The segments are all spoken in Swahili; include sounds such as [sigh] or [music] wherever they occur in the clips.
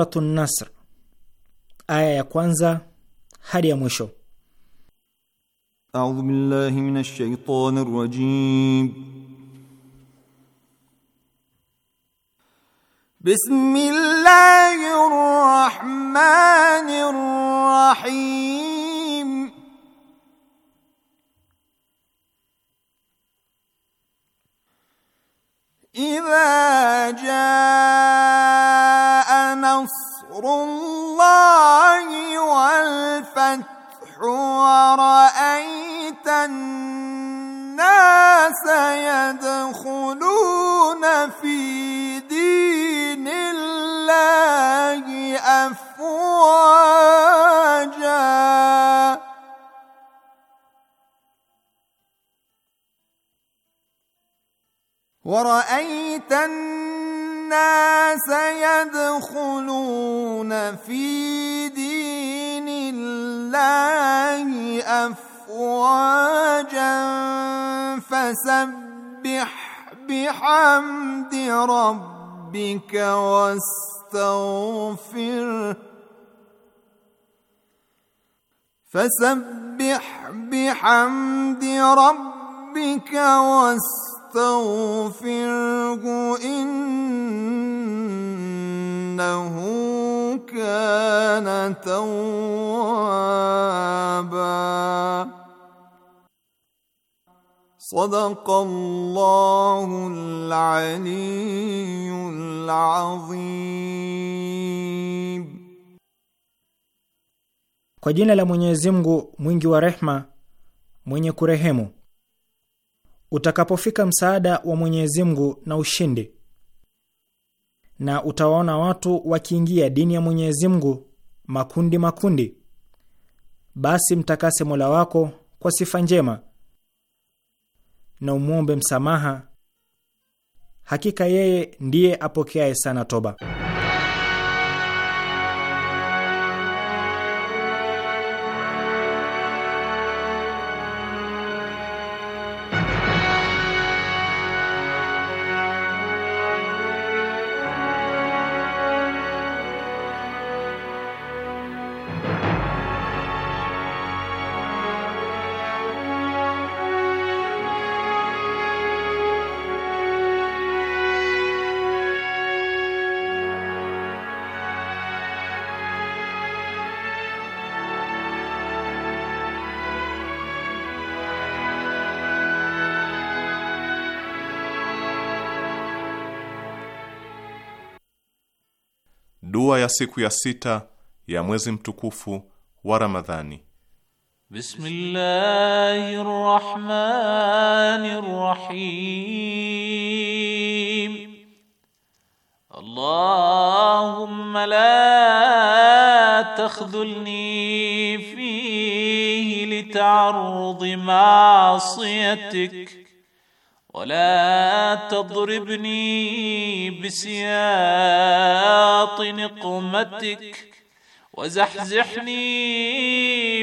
Suratun Nasr aya ya kwanza hadi ya mwisho. A'udhu billahi minash shaitanir rajim. Bismillah الناس يدخلون في دين الله أفواجا ورأيت الناس يدخلون في دين الله أفواجا أزواجا فسبح بحمد ربك واستغفر فسبح بحمد ربك واستغفره إنه كان توابا صدق الله العلي العظيم Kwa jina la Mwenyezi Mungu mwingi wa rehma mwenye kurehemu. Utakapofika msaada wa Mwenyezi Mungu na ushindi, na utawaona watu wakiingia dini ya Mwenyezi Mungu makundi makundi, basi mtakase Mola wako kwa sifa njema na umwombe msamaha, hakika yeye ndiye apokeaye sana toba. siku ya sita ya mwezi mtukufu wa Ramadhani. Bismillahir Rahmanir Rahim. Allahumma la takhdhulni fihi litaarudi ma'siyatik ولا تضربني بسياط نقمتك وزحزحني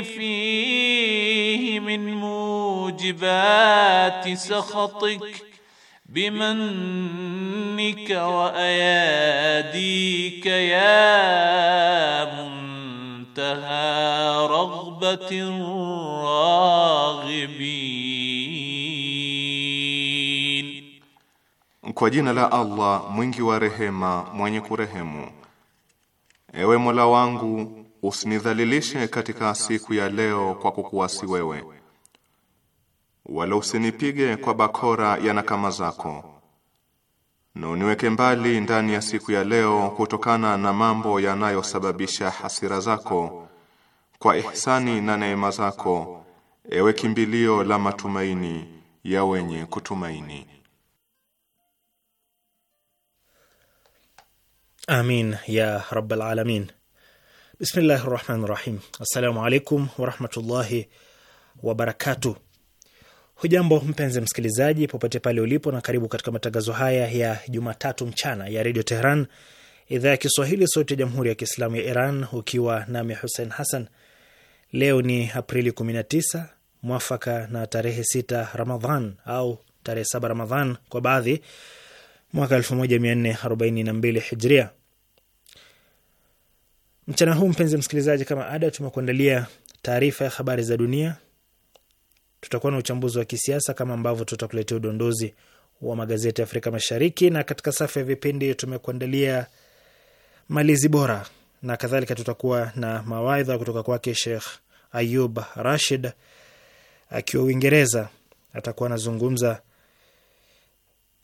فيه من موجبات سخطك بمنك واياديك يا منتهى رغبه راغب Kwa jina la Allah mwingi wa rehema mwenye kurehemu. Ewe Mola wangu usinidhalilishe katika siku ya leo kwa kukuasi wewe, wala usinipige kwa bakora ya nakama zako, na uniweke mbali ndani ya siku ya leo kutokana na mambo yanayosababisha hasira zako, kwa ihsani na neema zako, ewe kimbilio la matumaini ya wenye kutumaini. Amin ya rabbal alamin. Bismillahi rahmani rahim. Assalamu alaikum warahmatullahi wabarakatu. Hujambo mpenzi msikilizaji, popote pale ulipo, na karibu katika matangazo haya ya Jumatatu mchana ya Redio Teheran, idhaa ya Kiswahili, sauti ya Jamhuri ya Kiislamu ya Iran, ukiwa nami Hussein Hassan. Leo ni Aprili 19 mwafaka na tarehe 6 Ramadhan au tarehe 7 Ramadhan kwa baadhi mwaka 1442 hijria. Mchana huu mpenzi msikilizaji, kama ada, tumekuandalia taarifa ya habari za dunia, tutakuwa na uchambuzi wa kisiasa kama ambavyo tutakuletea udondozi wa magazeti ya Afrika Mashariki, na katika safu ya vipindi tumekuandalia malizi bora na kadhalika. Tutakuwa na mawaidha kutoka kwake Sheikh Ayub Rashid akiwa Uingereza, atakuwa anazungumza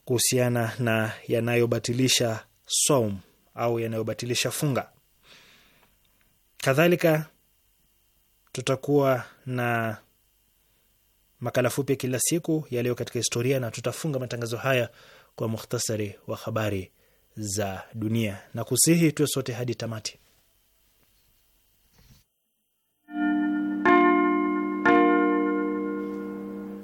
kuhusiana na yanayobatilisha saum au yanayobatilisha funga. Kadhalika tutakuwa na makala fupi kila siku yaliyo katika historia, na tutafunga matangazo haya kwa mukhtasari wa habari za dunia na kusihi tuwe sote hadi tamati.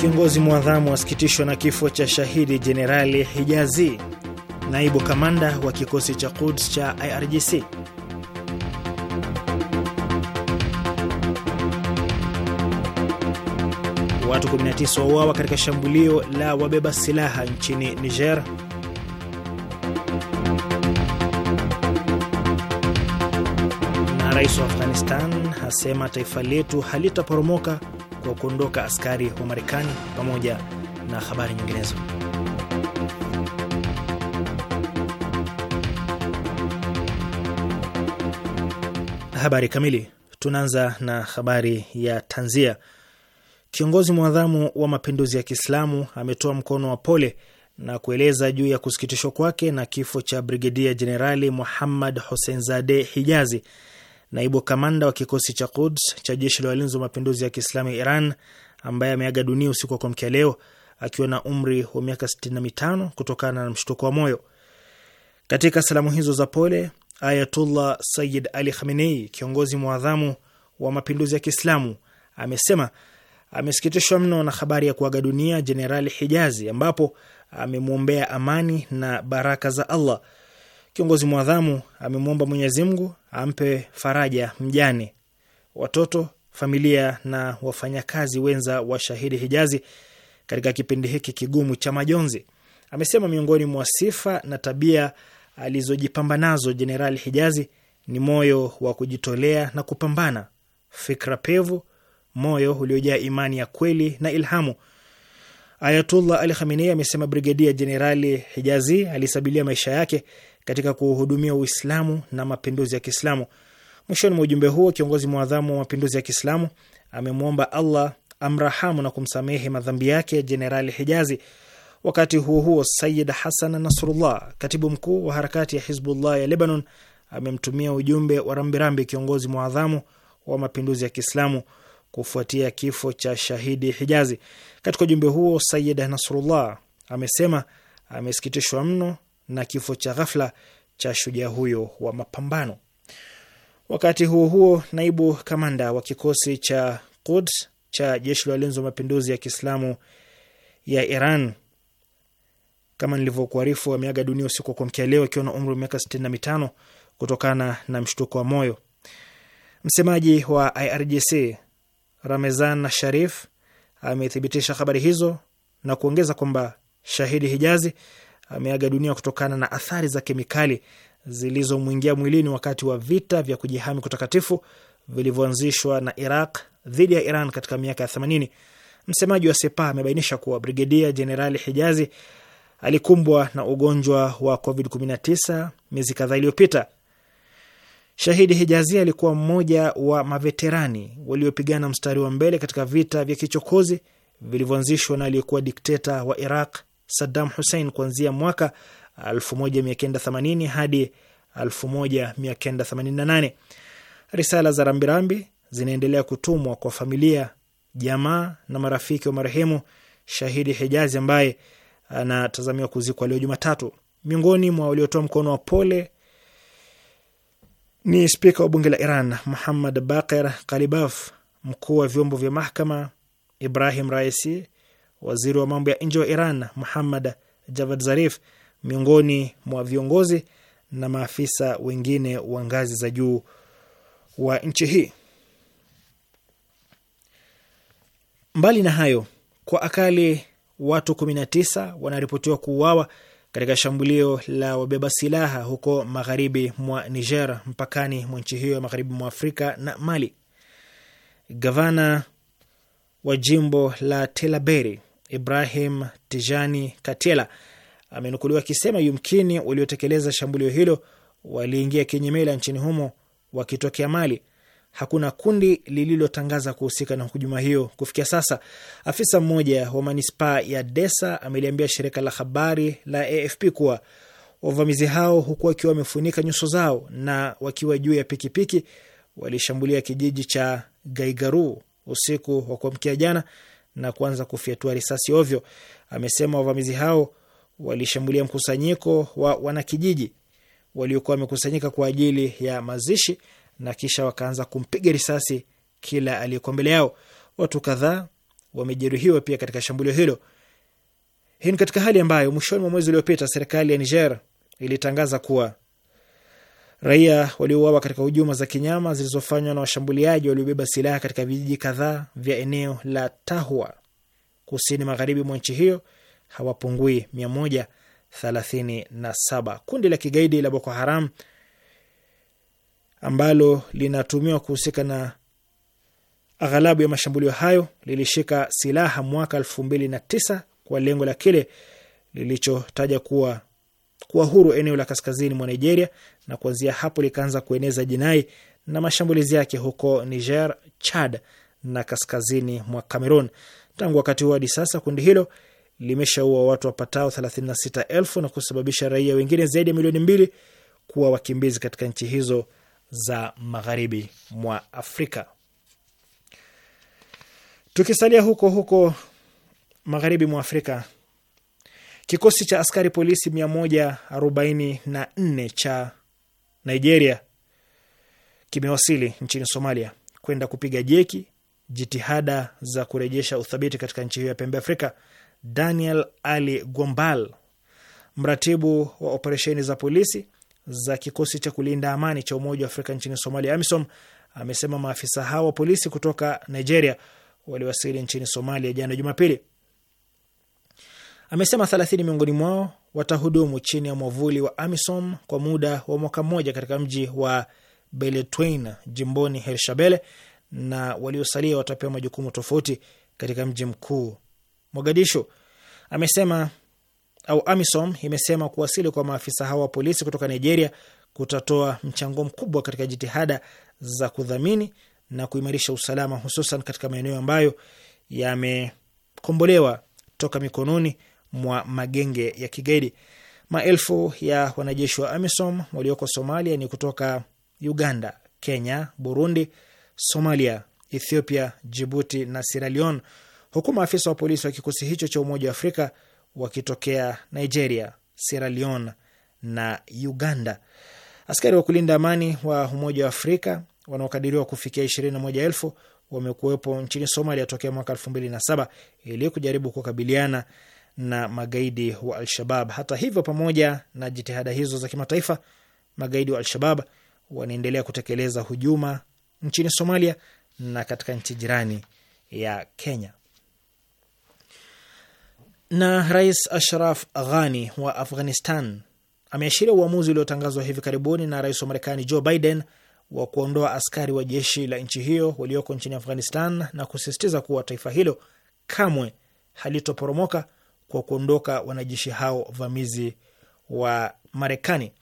Kiongozi mwadhamu asikitishwa na kifo cha shahidi Jenerali Hijazi, naibu kamanda wa kikosi cha Quds cha IRGC. Watu 19 wauawa katika shambulio la wabeba silaha nchini Niger. Na rais wa Afghanistan asema taifa letu halitaporomoka wa kuondoka askari wa Marekani pamoja na habari nyinginezo. Habari kamili. Tunaanza na habari ya tanzia. Kiongozi mwadhamu wa mapinduzi ya Kiislamu ametoa mkono wa pole na kueleza juu ya kusikitishwa kwake na kifo cha Brigedia Jenerali Muhammad Hussein Zade Hijazi, naibu kamanda wa kikosi cha Quds cha jeshi la walinzi wa mapinduzi ya Kiislamu ya Iran ambaye ameaga dunia usiku wa kuamkia leo akiwa na umri wa miaka 65 kutokana na mshtuko wa moyo. Katika salamu hizo za pole, Ayatullah Sayyid Ali Khamenei, kiongozi mwadhamu wa mapinduzi ya Kiislamu, amesema amesikitishwa mno na habari ya kuaga dunia Jenerali Hijazi, ambapo amemwombea amani na baraka za Allah Kiongozi mwadhamu amemwomba Mwenyezi Mungu ampe faraja mjane, watoto, familia na wafanyakazi wenza wa Shahidi Hijazi katika kipindi hiki kigumu cha majonzi. Amesema miongoni mwa sifa na tabia alizojipamba nazo Jenerali Hijazi ni moyo wa kujitolea na kupambana, fikra pevu, moyo uliojaa imani ya kweli na ilhamu. Ayatullah Ali Khamenei amesema Brigedia Jenerali Hijazi alisabilia maisha yake katika kuhudumia Uislamu na mapinduzi ya Kiislamu. Mwishoni mwa ujumbe huo, kiongozi mwadhamu wa mapinduzi ya Kiislamu amemwomba Allah amrahamu na kumsamehe madhambi yake Jenerali Hijazi. Wakati huo huo, Sayid Hasan Nasrullah, katibu mkuu wa harakati ya Hizbullah ya Lebanon, amemtumia ujumbe wa rambirambi kiongozi mwadhamu wa mapinduzi ya Kiislamu kufuatia kifo cha shahidi Hijazi. Katika ujumbe huo, Sayid Nasrullah amesema amesikitishwa mno na kifo cha ghafla cha shujaa huyo wa mapambano. Wakati huo huo, naibu kamanda wa kikosi cha Quds cha jeshi la walinzi wa mapinduzi ya Kiislamu ya Iran kama nilivyokuarifu, ameaga dunia usiku wa kuamkia leo akiwa na umri wa miaka sitini na mitano kutokana na mshtuko wa moyo. Msemaji wa IRGC Ramezan Sharif amethibitisha habari hizo na kuongeza kwamba Shahidi Hijazi ameaga dunia kutokana na athari za kemikali zilizomwingia mwilini wakati wa vita vya kujihami kutakatifu vilivyoanzishwa na Iraq dhidi ya Iran katika miaka ya 80. Msemaji wa Sepa amebainisha kuwa Brigedia Jenerali Hijazi alikumbwa na ugonjwa wa COVID-19 miezi kadhaa iliyopita. Shahidi Hijazi alikuwa mmoja wa maveterani waliopigana mstari wa mbele katika vita vya kichokozi vilivyoanzishwa na aliyekuwa dikteta wa Iraq Saddam Hussein kuanzia mwaka 1980 hadi 1988. Risala za rambirambi zinaendelea kutumwa kwa familia, jamaa na marafiki wa marehemu Shahidi Hijazi ambaye anatazamiwa kuzikwa leo Jumatatu. Miongoni mwa waliotoa mkono wa pole ni spika wa bunge la Iran Muhammad Baqir Kalibaf, mkuu wa vyombo vya mahakama Ibrahim Raisi waziri wa mambo ya nje wa Iran Muhammad Javad Zarif, miongoni mwa viongozi na maafisa wengine wa ngazi za juu wa nchi hii. Mbali na hayo, kwa akali watu 19 wanaripotiwa kuuawa katika shambulio la wabeba silaha huko magharibi mwa Niger, mpakani mwa nchi hiyo ya magharibi mwa Afrika na Mali. Gavana wa jimbo la Telaberi Ibrahim Tijani Katiela amenukuliwa akisema yumkini waliotekeleza shambulio hilo waliingia kinyemela nchini humo wakitokea Mali. Hakuna kundi lililotangaza kuhusika na hujuma hiyo kufikia sasa. Afisa mmoja wa manispaa ya Desa ameliambia shirika la habari la AFP kuwa wavamizi hao, huku wakiwa wamefunika nyuso zao na wakiwa juu ya pikipiki, walishambulia kijiji cha Gaigaru usiku wa kuamkia jana na kuanza kufyatua risasi ovyo. Amesema wavamizi hao walishambulia mkusanyiko wa wanakijiji waliokuwa wamekusanyika kwa ajili ya mazishi na kisha wakaanza kumpiga risasi kila aliyekuwa mbele yao. Watu kadhaa wamejeruhiwa pia katika shambulio hilo. Hii ni katika hali ambayo mwishoni mwa mwezi uliopita serikali ya Niger ilitangaza kuwa Raia waliouawa katika hujuma za kinyama zilizofanywa na washambuliaji waliobeba silaha katika vijiji kadhaa vya eneo la Tahwa kusini magharibi mwa nchi hiyo hawapungui 137. Kundi la kigaidi la Boko Haram ambalo linatumiwa kuhusika na aghalabu ya mashambulio hayo lilishika silaha mwaka 2009 kwa lengo la kile lilichotaja kuwa kuwa huru eneo la kaskazini mwa Nigeria na kuanzia hapo likaanza kueneza jinai na mashambulizi yake huko Niger, Chad na kaskazini mwa Cameroon. Tangu wakati huo hadi sasa kundi hilo limeshaua watu wapatao 36,000 na kusababisha raia wengine zaidi ya milioni mbili kuwa wakimbizi katika nchi hizo za magharibi mwa Afrika. Tukisalia huko huko magharibi mwa Afrika, kikosi cha askari polisi 144 cha Nigeria kimewasili nchini Somalia kwenda kupiga jeki jitihada za kurejesha uthabiti katika nchi hiyo ya pembe Afrika. Daniel Ali Gombal, mratibu wa operesheni za polisi za kikosi cha kulinda amani cha Umoja wa Afrika nchini Somalia, AMISOM, amesema maafisa hao wa polisi kutoka Nigeria waliwasili nchini Somalia jana Jumapili. Amesema thelathini miongoni mwao watahudumu chini ya mwavuli wa AMISOM kwa muda wa mwaka mmoja katika mji wa Beledweyne jimboni hershabele na waliosalia watapewa majukumu tofauti katika mji mkuu Mogadishu. Amesema au AMISOM imesema kuwasili kwa maafisa hao wa polisi kutoka Nigeria kutatoa mchango mkubwa katika jitihada za kudhamini na kuimarisha usalama hususan katika maeneo ambayo yamekombolewa toka mikononi mwa magenge ya kigaidi. Maelfu ya wanajeshi wa AMISOM walioko Somalia ni kutoka Uganda, Kenya, Burundi, Somalia, Ethiopia, Jibuti na Sierra Leone, huku maafisa wa polisi wa kikosi hicho cha Umoja wa Afrika wakitokea Nigeria, Sierra Leone na Uganda. Askari wa kulinda amani wa Umoja wa Afrika wanaokadiriwa kufikia ishirini na moja elfu wamekuwepo nchini Somalia tokea mwaka elfu mbili na saba ili kujaribu kukabiliana na magaidi wa alshabab Hata hivyo, pamoja na jitihada hizo za kimataifa, magaidi wa alshabab wanaendelea kutekeleza hujuma nchini Somalia na katika nchi jirani ya Kenya. Na Rais Ashraf Ghani wa Afghanistan ameashiria uamuzi uliotangazwa hivi karibuni na rais wa Marekani Joe Biden wa kuondoa askari wa jeshi la nchi hiyo walioko nchini Afghanistan na kusisitiza kuwa taifa hilo kamwe halitoporomoka kwa kuondoka wanajeshi hao vamizi wa Marekani.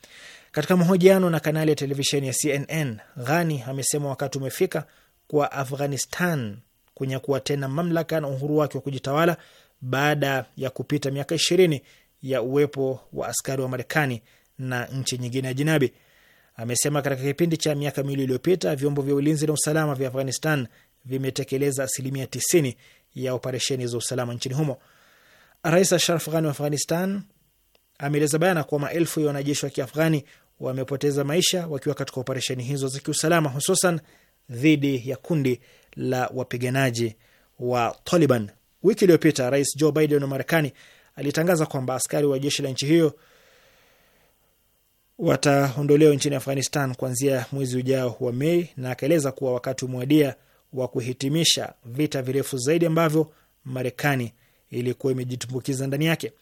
Katika mahojiano na kanali ya televisheni ya CNN, Ghani amesema wakati umefika kwa Afghanistan kunyakua tena mamlaka na uhuru wake wa kujitawala baada ya kupita miaka ishirini ya uwepo wa askari wa Marekani na nchi nyingine ya jinabi. Amesema katika kipindi cha miaka miwili iliyopita vyombo vya ulinzi na usalama vya Afghanistan vimetekeleza asilimia tisini ya operesheni za usalama nchini humo. Rais Ashraf Ghani wa Afghanistan ameeleza bayana kuwa maelfu ya wanajeshi wa Kiafghani wamepoteza maisha wakiwa katika operesheni hizo za kiusalama, hususan dhidi ya kundi la wapiganaji wa Taliban. Wiki iliyopita Rais Joe Biden wa Marekani alitangaza kwamba askari wa jeshi la nchi hiyo wataondolewa nchini Afghanistan kuanzia mwezi ujao wa Mei, na akaeleza kuwa wakati umewadia wa kuhitimisha vita virefu zaidi ambavyo Marekani ilikuwa imejitumbukiza ndani yake.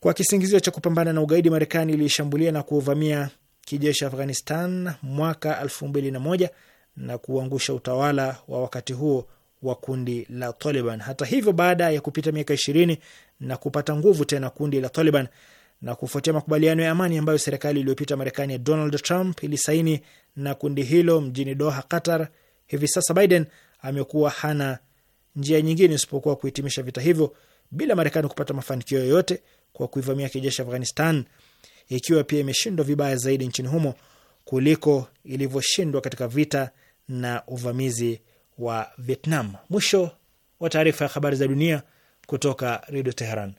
Kwa kisingizio cha kupambana na ugaidi, Marekani iliishambulia na kuvamia kijeshi Afghanistan mwaka elfu mbili na moja na kuangusha utawala wa wakati huo wa kundi la Taliban. Hata hivyo, baada ya kupita miaka ishirini na kupata nguvu tena kundi la Taliban na kufuatia makubaliano ya amani ambayo serikali iliyopita Marekani ya Donald Trump ilisaini na kundi hilo mjini Doha, Qatar, hivi sasa Biden amekuwa hana njia nyingine isipokuwa kuhitimisha vita hivyo bila Marekani kupata mafanikio yoyote kwa kuivamia kijeshi Afghanistan, ikiwa pia imeshindwa vibaya zaidi nchini humo kuliko ilivyoshindwa katika vita na uvamizi wa Vietnam. Mwisho wa taarifa ya habari za dunia kutoka Redio Teheran.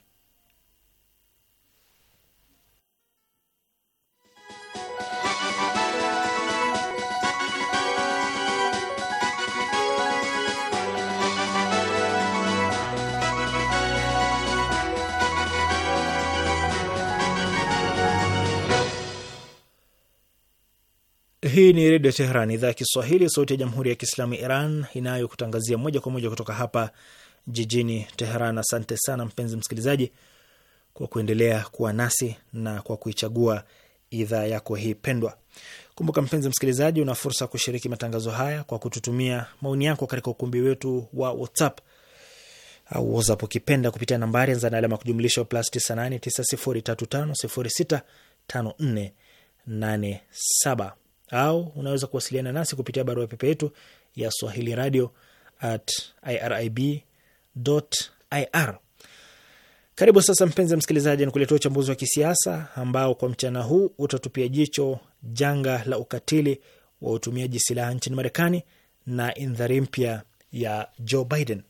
Hii ni Redio Teheran, idhaa ya Kiswahili, sauti ya Jamhuri ya Kiislamu Iran, inayokutangazia moja kwa moja kutoka hapa jijini Teheran. Asante sana mpenzi msikilizaji kwa kuendelea kuwa nasi na kwa kuichagua idhaa yako hii pendwa. Kumbuka mpenzi msikilizaji, una fursa ya kushiriki matangazo haya kwa kututumia maoni yako katika ukumbi wetu wa WhatsApp au WhatsApp ukipenda kupitia nambari anza na alama kujumlisha plus 98 9035065487 au unaweza kuwasiliana nasi kupitia barua pepe yetu ya swahili radio at irib ir. Karibu sasa, mpenzi msikilizaji, ni kuletea uchambuzi wa kisiasa ambao kwa mchana huu utatupia jicho janga la ukatili wa utumiaji silaha nchini Marekani na indhari mpya ya Joe Biden.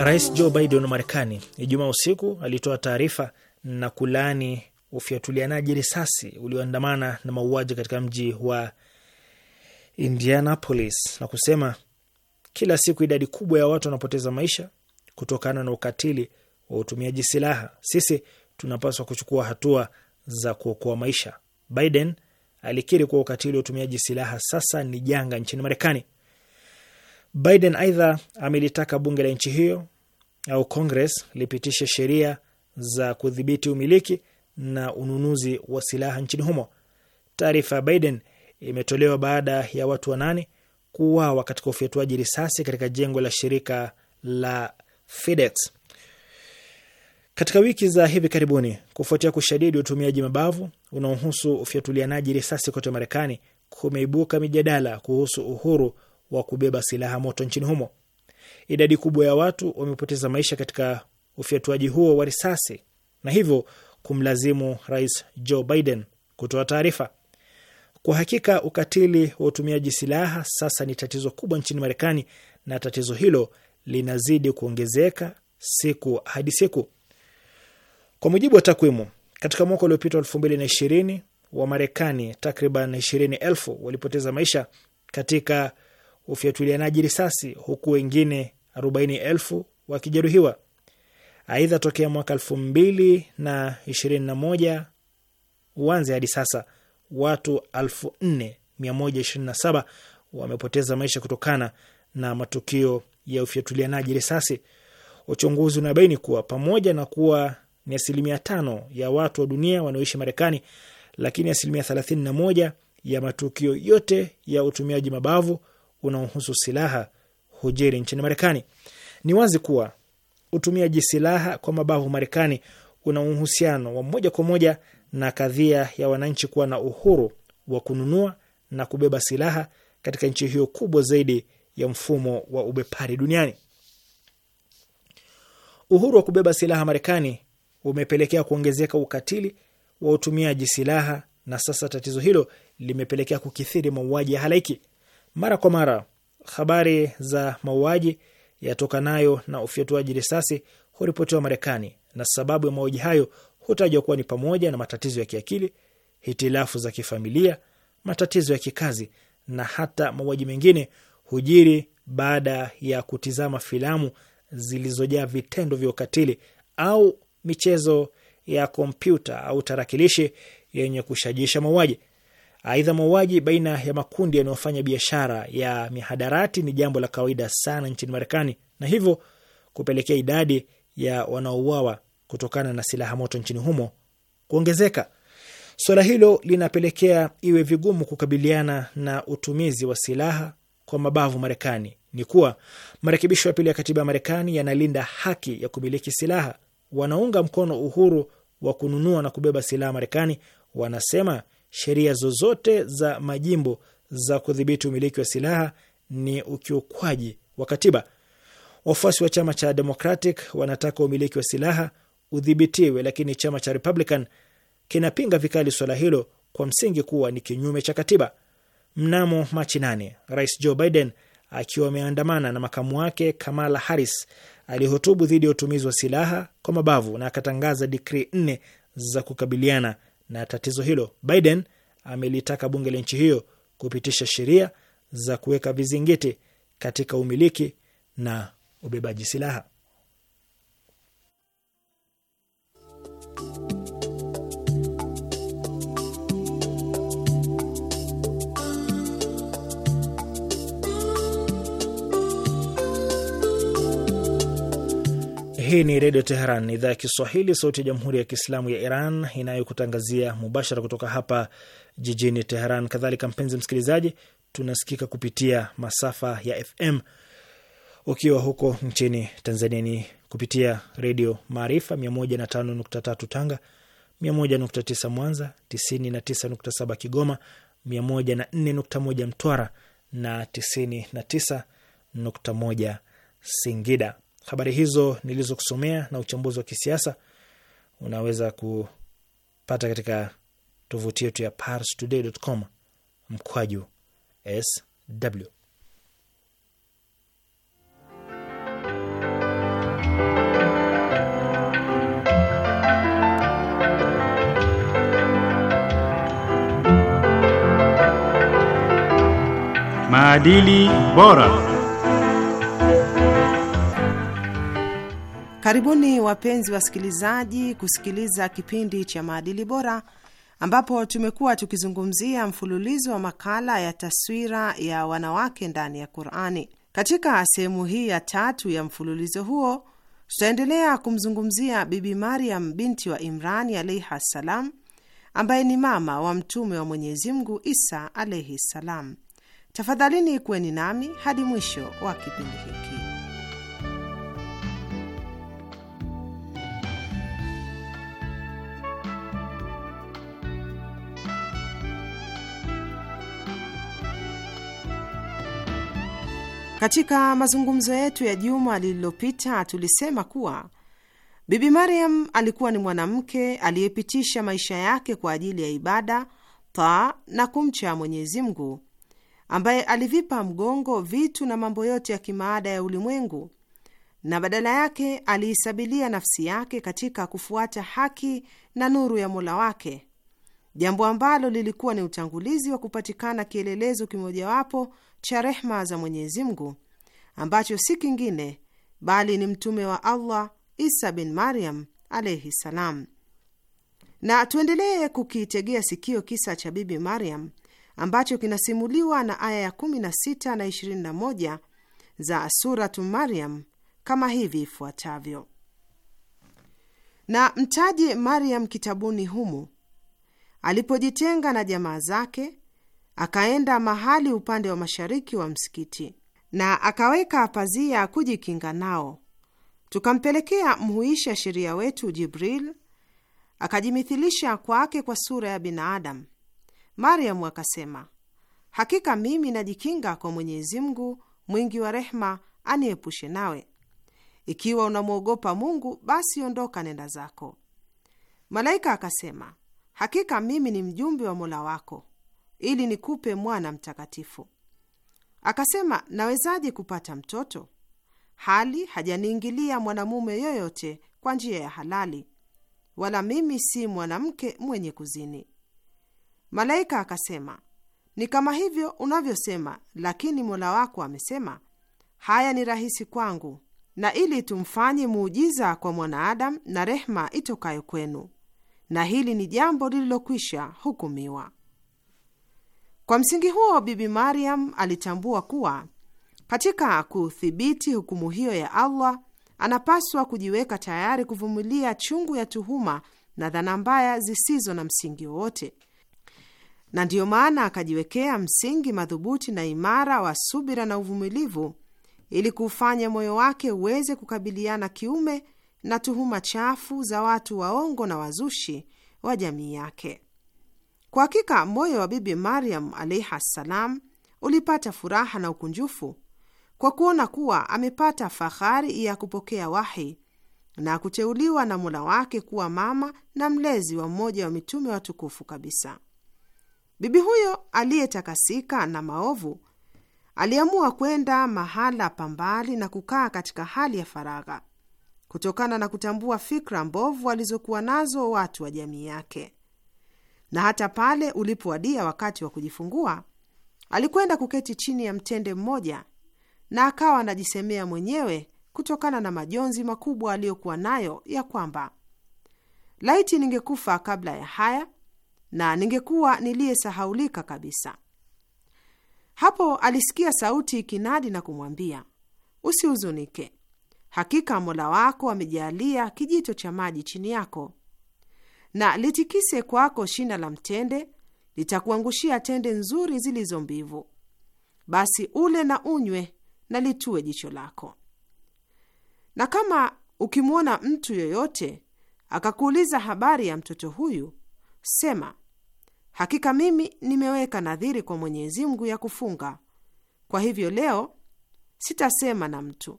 Rais Joe Biden wa Marekani Ijumaa usiku alitoa taarifa na kulaani ufyatulianaji risasi ulioandamana na mauaji katika mji wa Indianapolis na kusema kila siku idadi kubwa ya watu wanapoteza maisha kutokana na ukatili wa utumiaji silaha. Sisi tunapaswa kuchukua hatua za kuokoa maisha. Biden alikiri kuwa ukatili wa utumiaji silaha sasa ni janga nchini Marekani. Biden aidha amelitaka bunge la nchi hiyo au Congress lipitishe sheria za kudhibiti umiliki na ununuzi wa silaha nchini humo. Taarifa ya Biden imetolewa baada ya watu wanane kuuawa katika ufyatuaji risasi katika jengo la shirika la FedEx katika wiki za hivi karibuni, kufuatia kushadidi utumiaji mabavu unaohusu ufyatulianaji risasi kote Marekani, kumeibuka mijadala kuhusu uhuru wa kubeba silaha moto nchini humo. Idadi kubwa ya watu wamepoteza maisha katika ufyatuaji huo wa risasi na hivyo kumlazimu Rais Joe Biden kutoa taarifa. Kwa hakika ukatili wa utumiaji silaha sasa ni tatizo kubwa nchini Marekani, na tatizo hilo linazidi kuongezeka siku hadi siku. Kwa mujibu wa takwimu, katika mwaka uliopita elfu mbili na ishirini wa Marekani takriban ishirini elfu walipoteza maisha katika ufyatulianaji risasi huku wengine arobaini wakijeruhiwa. Aidha, tokea mwaka elfu uanze hadi sasa watu 4127 wamepoteza maisha kutokana na matukio ya ufyatulianaji risasi. Uchunguzi unabaini kuwa pamoja na kuwa ni asilimia tano ya watu wa dunia wanaoishi Marekani, lakini asilimia 31 ya matukio yote ya utumiaji mabavu unaohusu silaha hujiri nchini Marekani. Ni wazi kuwa utumiaji silaha kwa mabavu Marekani una uhusiano wa moja kwa moja na kadhia ya wananchi kuwa na uhuru wa kununua na kubeba silaha katika nchi hiyo kubwa zaidi ya mfumo wa ubepari duniani. Uhuru wa kubeba silaha Marekani umepelekea kuongezeka ukatili wa utumiaji silaha, na sasa tatizo hilo limepelekea kukithiri mauaji ya halaiki. Mara kwa mara habari za mauaji yatokanayo na ufyatuaji risasi huripotiwa Marekani, na sababu ya mauaji hayo hutajwa kuwa ni pamoja na matatizo ya kiakili, hitilafu za kifamilia, matatizo ya kikazi na hata mauaji mengine hujiri baada ya kutizama filamu zilizojaa vitendo vya ukatili au michezo ya kompyuta au tarakilishi yenye kushajisha mauaji. Aidha, mauaji baina ya makundi yanayofanya biashara ya mihadarati ni jambo la kawaida sana nchini Marekani na hivyo kupelekea idadi ya wanaouawa kutokana na silaha moto nchini humo kuongezeka. Suala hilo linapelekea iwe vigumu kukabiliana na utumizi wa silaha kwa mabavu Marekani. Ni kuwa marekebisho ya pili ya katiba ya Marekani yanalinda haki ya kumiliki silaha. Wanaunga mkono uhuru wa kununua na kubeba silaha Marekani wanasema sheria zozote za majimbo za kudhibiti umiliki wa silaha ni ukiukwaji wa katiba. Wafuasi wa chama cha Democratic wanataka umiliki wa silaha udhibitiwe, lakini chama cha Republican kinapinga vikali swala hilo kwa msingi kuwa ni kinyume cha katiba. Mnamo Machi nane, Rais Joe Biden akiwa ameandamana na makamu wake Kamala Harris alihutubu dhidi ya utumizi wa silaha kwa mabavu na akatangaza dikrii nne za kukabiliana na tatizo hilo. Biden amelitaka bunge la nchi hiyo kupitisha sheria za kuweka vizingiti katika umiliki na ubebaji silaha. Hii ni Redio Teheran, idhaa ya Kiswahili, sauti ya Jamhuri ya Kiislamu ya Iran, inayokutangazia mubashara kutoka hapa jijini Teheran. Kadhalika mpenzi msikilizaji, tunasikika kupitia masafa ya FM ukiwa huko nchini Tanzania ni kupitia Redio Maarifa 105.3 Tanga, 101.9 Mwanza, 99.7 Kigoma, 104.1 Mtwara na 99.1 Singida. Habari hizo nilizokusomea na uchambuzi wa kisiasa unaweza kupata katika tovuti yetu ya parstoday.com mkwaju sw. Maadili bora. Karibuni wapenzi wasikilizaji, kusikiliza kipindi cha maadili bora, ambapo tumekuwa tukizungumzia mfululizo wa makala ya taswira ya wanawake ndani ya Qurani. Katika sehemu hii ya tatu ya mfululizo huo, tutaendelea kumzungumzia Bibi Mariam binti wa Imrani alaihi ssalam, ambaye ni mama wa mtume wa Mwenyezi Mungu Isa alaihi ssalam. Tafadhalini kuweni nami hadi mwisho wa kipindi hiki. Katika mazungumzo yetu ya juma lililopita, tulisema kuwa Bibi Mariam alikuwa ni mwanamke aliyepitisha maisha yake kwa ajili ya ibada, taa na kumcha Mwenyezi Mungu, ambaye alivipa mgongo vitu na mambo yote ya kimaada ya ulimwengu na badala yake aliisabilia nafsi yake katika kufuata haki na nuru ya Mola wake, jambo ambalo lilikuwa ni utangulizi wa kupatikana kielelezo kimojawapo cha rehma za Mwenyezi Mungu ambacho si kingine bali ni mtume wa Allah Isa bin Maryam alaihi salam. Na tuendelee kukiitegea sikio kisa cha Bibi Maryam ambacho kinasimuliwa na aya ya 16 na 21 za Suratu Maryam kama hivi ifuatavyo: na mtaje Maryam kitabuni humu alipojitenga na jamaa zake akaenda mahali upande wa mashariki wa msikiti na akaweka pazia kujikinga nao. Tukampelekea mhuisha sheria wetu Jibril, akajimithilisha kwake kwa sura ya binadamu. Mariamu akasema, hakika mimi najikinga kwa Mwenyezi Mungu mwingi wa rehma aniepushe nawe. Ikiwa unamwogopa Mungu, basi ondoka, nenda zako. Malaika akasema, hakika mimi ni mjumbe wa mola wako ili nikupe mwana mtakatifu. Akasema, nawezaje kupata mtoto hali hajaniingilia mwanamume yoyote kwa njia ya halali, wala mimi si mwanamke mwenye kuzini? Malaika akasema, ni kama hivyo unavyosema, lakini Mola wako amesema haya ni rahisi kwangu, na ili tumfanye muujiza kwa mwanaadamu na rehma itokayo kwenu, na hili ni jambo lililokwisha hukumiwa. Kwa msingi huo, Bibi Mariam alitambua kuwa katika kuthibiti hukumu hiyo ya Allah anapaswa kujiweka tayari kuvumilia chungu ya tuhuma na dhana mbaya zisizo na msingi wowote, na ndiyo maana akajiwekea msingi madhubuti na imara wa subira na uvumilivu ili kuufanya moyo wake uweze kukabiliana kiume na tuhuma chafu za watu waongo na wazushi wa jamii yake. Kwa hakika moyo wa Bibi mariam alaihi ssalam ulipata furaha na ukunjufu kwa kuona kuwa amepata fahari ya kupokea wahi na kuteuliwa na Mola wake kuwa mama na mlezi wa mmoja wa mitume watukufu kabisa. Bibi huyo aliyetakasika na maovu aliamua kwenda mahala pambali na kukaa katika hali ya faragha kutokana na kutambua fikra mbovu alizokuwa nazo watu wa jamii yake na hata pale ulipowadia wakati wa kujifungua, alikwenda kuketi chini ya mtende mmoja na akawa anajisemea mwenyewe kutokana na majonzi makubwa aliyokuwa nayo ya kwamba laiti ningekufa kabla ya haya na ningekuwa niliyesahaulika kabisa. Hapo alisikia sauti ikinadi na kumwambia, usihuzunike, hakika Mola wako amejaalia kijito cha maji chini yako na litikise kwako shina la mtende, litakuangushia tende nzuri zilizo mbivu. Basi ule na unywe na litue jicho lako. Na kama ukimwona mtu yoyote akakuuliza habari ya mtoto huyu, sema, hakika mimi nimeweka nadhiri kwa Mwenyezi Mungu ya kufunga, kwa hivyo leo sitasema na mtu.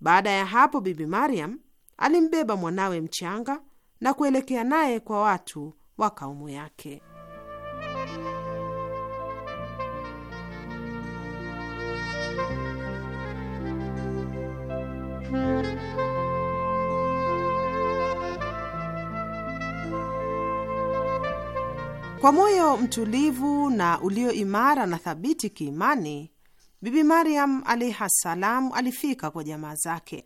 Baada ya hapo, Bibi Mariam alimbeba mwanawe mchanga na kuelekea naye kwa watu wa kaumu yake. Kwa moyo mtulivu na ulio imara na thabiti kiimani, Bibi Mariam alaihi ssalam alifika kwa jamaa zake.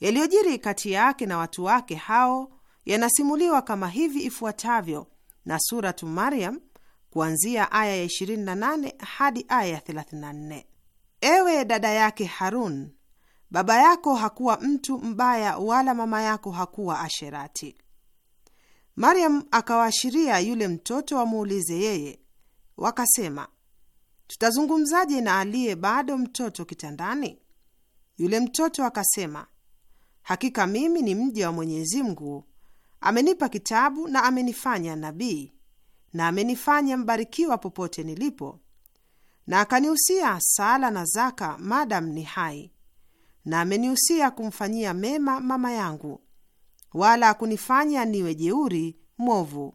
Yaliyojiri kati yake na watu wake hao yanasimuliwa kama hivi ifuatavyo na Suratu Maryam kuanzia aya ya 28 hadi aya ya 34. Ewe dada yake Harun, baba yako hakuwa mtu mbaya wala mama yako hakuwa asherati. Maryam akawaashiria yule mtoto wamuulize yeye. Wakasema, tutazungumzaje na aliye bado mtoto kitandani? Yule mtoto akasema, hakika mimi ni mja wa Mwenyezi Mungu amenipa kitabu na amenifanya nabii na amenifanya mbarikiwa popote nilipo, na akanihusia sala na zaka madam ni hai, na amenihusia kumfanyia mema mama yangu, wala akunifanya niwe jeuri mwovu,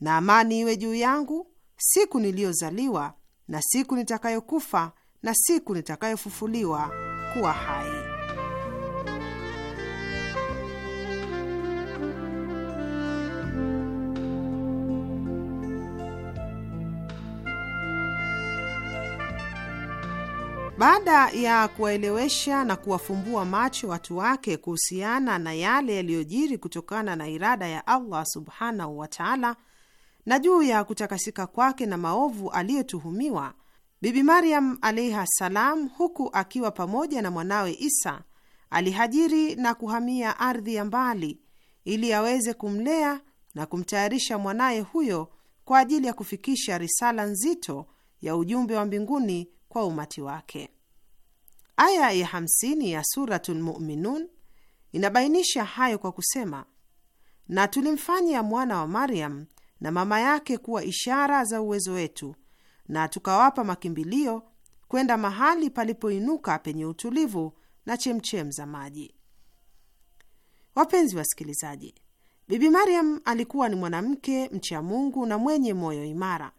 na amani iwe juu yangu siku niliyozaliwa na siku nitakayokufa na siku nitakayofufuliwa kuwa hai. Baada ya kuwaelewesha na kuwafumbua macho watu wake kuhusiana na yale yaliyojiri kutokana na irada ya Allah subhanahu wa taala na juu ya kutakasika kwake na maovu aliyotuhumiwa, Bibi Maryam alaihi ssalam, huku akiwa pamoja na mwanawe Isa, alihajiri na kuhamia ardhi ya mbali ili aweze kumlea na kumtayarisha mwanaye huyo kwa ajili ya kufikisha risala nzito ya ujumbe wa mbinguni kwa umati wake. Aya ya hamsini ya Suratun Muminun inabainisha hayo kwa kusema, na tulimfanya mwana wa Maryam na mama yake kuwa ishara za uwezo wetu na tukawapa makimbilio kwenda mahali palipoinuka penye utulivu na chemchem za maji. Wapenzi wasikilizaji, Bibi Mariam alikuwa ni mwanamke mcha Mungu na mwenye moyo imara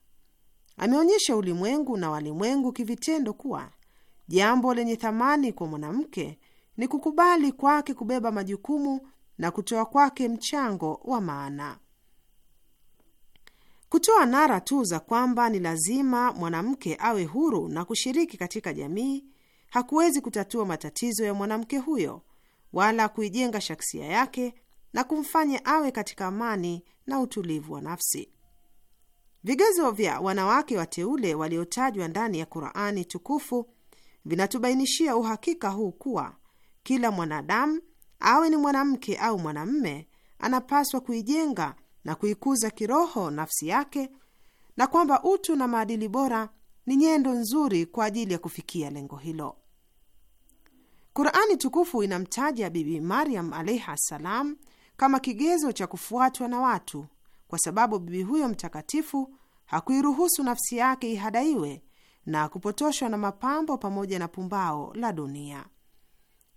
ameonyesha ulimwengu na walimwengu kivitendo kuwa jambo lenye thamani kwa mwanamke ni kukubali kwake kubeba majukumu na kutoa kwake mchango wa maana. Kutoa nara tu za kwamba ni lazima mwanamke awe huru na kushiriki katika jamii hakuwezi kutatua matatizo ya mwanamke huyo wala kuijenga shaksia yake na kumfanya awe katika amani na utulivu wa nafsi. Vigezo vya wanawake wateule waliotajwa ndani ya Qurani tukufu vinatubainishia uhakika huu kuwa kila mwanadamu awe ni mwanamke au mwanamme anapaswa kuijenga na kuikuza kiroho nafsi yake, na kwamba utu na maadili bora ni nyendo nzuri kwa ajili ya kufikia lengo hilo. Qurani tukufu inamtaja Bibi Maryam alaihi ssalam kama kigezo cha kufuatwa na watu kwa sababu bibi huyo mtakatifu hakuiruhusu nafsi yake ihadaiwe na kupotoshwa na mapambo pamoja na pumbao la dunia.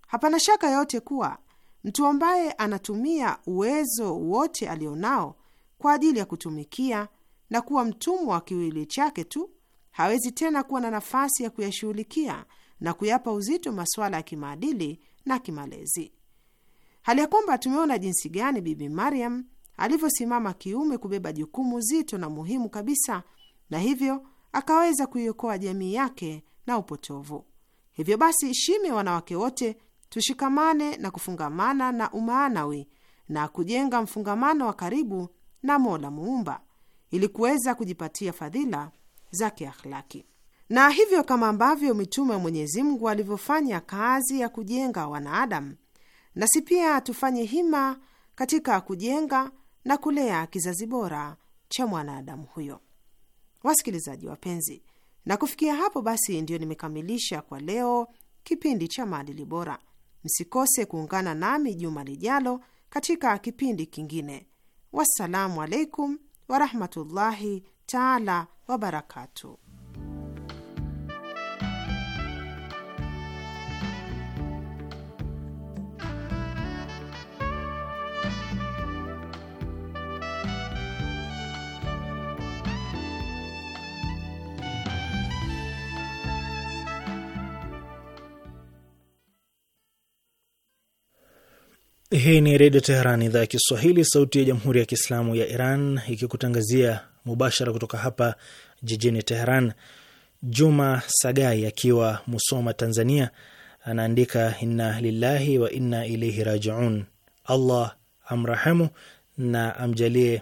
Hapana shaka yote kuwa mtu ambaye anatumia uwezo wote alionao kwa ajili ya kutumikia na kuwa mtumwa wa kiwili chake tu hawezi tena kuwa na nafasi ya kuyashughulikia na kuyapa uzito masuala ya kimaadili na kimalezi, hali ya kwamba tumeona jinsi gani Bibi Mariam alivyosimama kiume kubeba jukumu zito na muhimu kabisa, na hivyo akaweza kuiokoa jamii yake na upotovu. Hivyo basi, shime wanawake wote tushikamane na kufungamana na umaanawi na kujenga mfungamano wa karibu na Mola Muumba ili kuweza kujipatia fadhila za kiakhlaki. Na hivyo kama ambavyo mitume wa Mwenyezi Mungu alivyofanya kazi ya kujenga wanaadamu, nasi pia tufanye hima katika kujenga na kulea kizazi bora cha mwanadamu huyo. Wasikilizaji wapenzi, na kufikia hapo basi ndiyo nimekamilisha kwa leo kipindi cha maadili bora. Msikose kuungana nami juma lijalo katika kipindi kingine. Wassalamu alaikum warahmatullahi taala wabarakatu. Hii ni Redio Teheran, idhaa ya Kiswahili, sauti ya Jamhuri ya Kiislamu ya Iran, ikikutangazia mubashara kutoka hapa jijini Teheran. Juma Sagai akiwa Musoma, Tanzania, anaandika inna lillahi wa inna ilaihi rajiun. Allah amrahamu na amjalie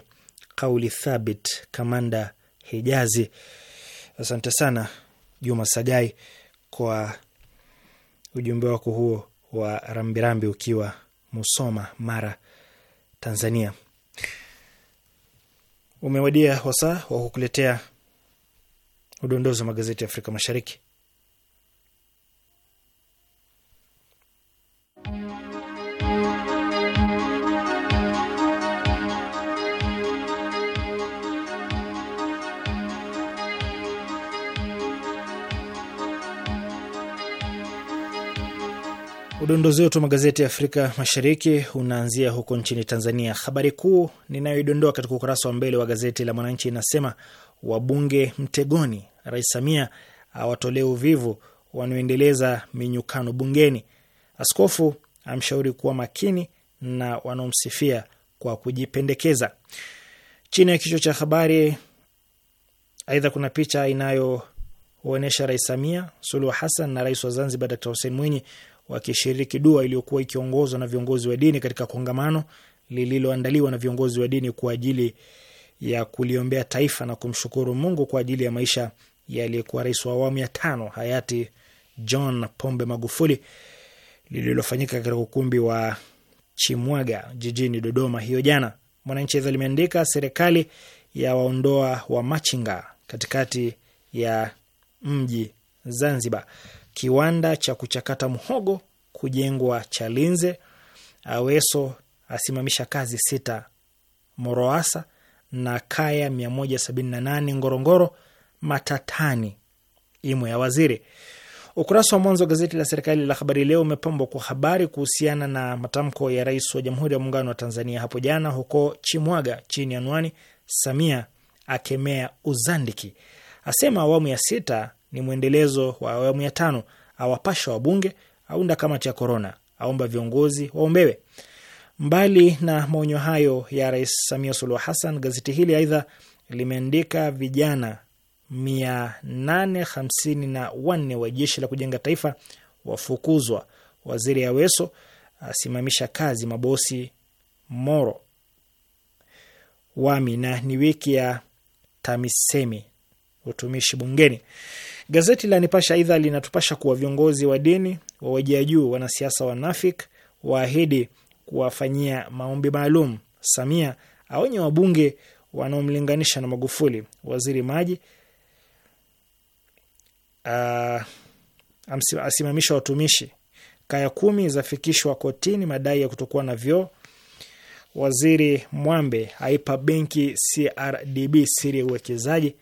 kauli thabit Kamanda Hijazi. Asante sana Juma Sagai kwa ujumbe wako huo wa rambirambi ukiwa Musoma, Mara, Tanzania. Umewadia wasaa wa kukuletea udondozi wa magazeti ya Afrika Mashariki. Udondozi wetu wa magazeti ya Afrika Mashariki unaanzia huko nchini Tanzania. Habari kuu ninayoidondoa katika ukurasa wa mbele wa gazeti la Mwananchi inasema wabunge mtegoni, Rais Samia awatolee uvivu wanaoendeleza minyukano bungeni, askofu amshauri kuwa makini na wanaomsifia kwa kujipendekeza. Chini ya kichwa cha habari, aidha kuna picha inayoonyesha Rais Samia Suluhu Hassan na rais wa Zanzibar Dkt Hussein Mwinyi wakishiriki dua iliyokuwa ikiongozwa na viongozi wa dini katika kongamano lililoandaliwa na viongozi wa dini kwa ajili ya kuliombea taifa na kumshukuru Mungu kwa ajili ya maisha yaliyekuwa rais wa awamu ya tano hayati John Pombe Magufuli, lililofanyika katika ukumbi wa Chimwaga jijini Dodoma hiyo jana. Mwananchi aidha limeandika serikali ya waondoa wa machinga katikati ya mji Zanzibar kiwanda cha kuchakata mhogo kujengwa Chalinze, Aweso asimamisha kazi sita Moroasa, na kaya 178 Ngorongoro matatani imwe ya waziri. Ukurasa wa mwanzo wa gazeti la serikali la Habari Leo umepambwa kwa habari kuhusiana na matamko ya rais wa Jamhuri ya Muungano wa Tanzania hapo jana huko Chimwaga, chini ya anwani Samia akemea uzandiki, asema awamu ya sita ni mwendelezo wa awamu ya tano, awapasha wabunge, aunda kamati ya korona, aomba viongozi waombewe. Mbali na maonyo hayo ya Rais Samia Suluhu Hassan, gazeti hili aidha limeandika vijana mia nane hamsini na wanne wa jeshi la kujenga taifa wafukuzwa, waziri Aweso asimamisha kazi mabosi Moro wami, na ni wiki ya TAMISEMI utumishi bungeni. Gazeti la Nipasha aidha linatupasha kuwa viongozi wa dini wawajia juu wanasiasa wanafik waahidi kuwafanyia maombi maalum. Samia aonye wabunge wanaomlinganisha na Magufuli. Waziri maji uh, asimamisha watumishi. Kaya kumi zafikishwa kotini madai ya kutokuwa na vyoo. Waziri Mwambe aipa benki CRDB siri ya uwekezaji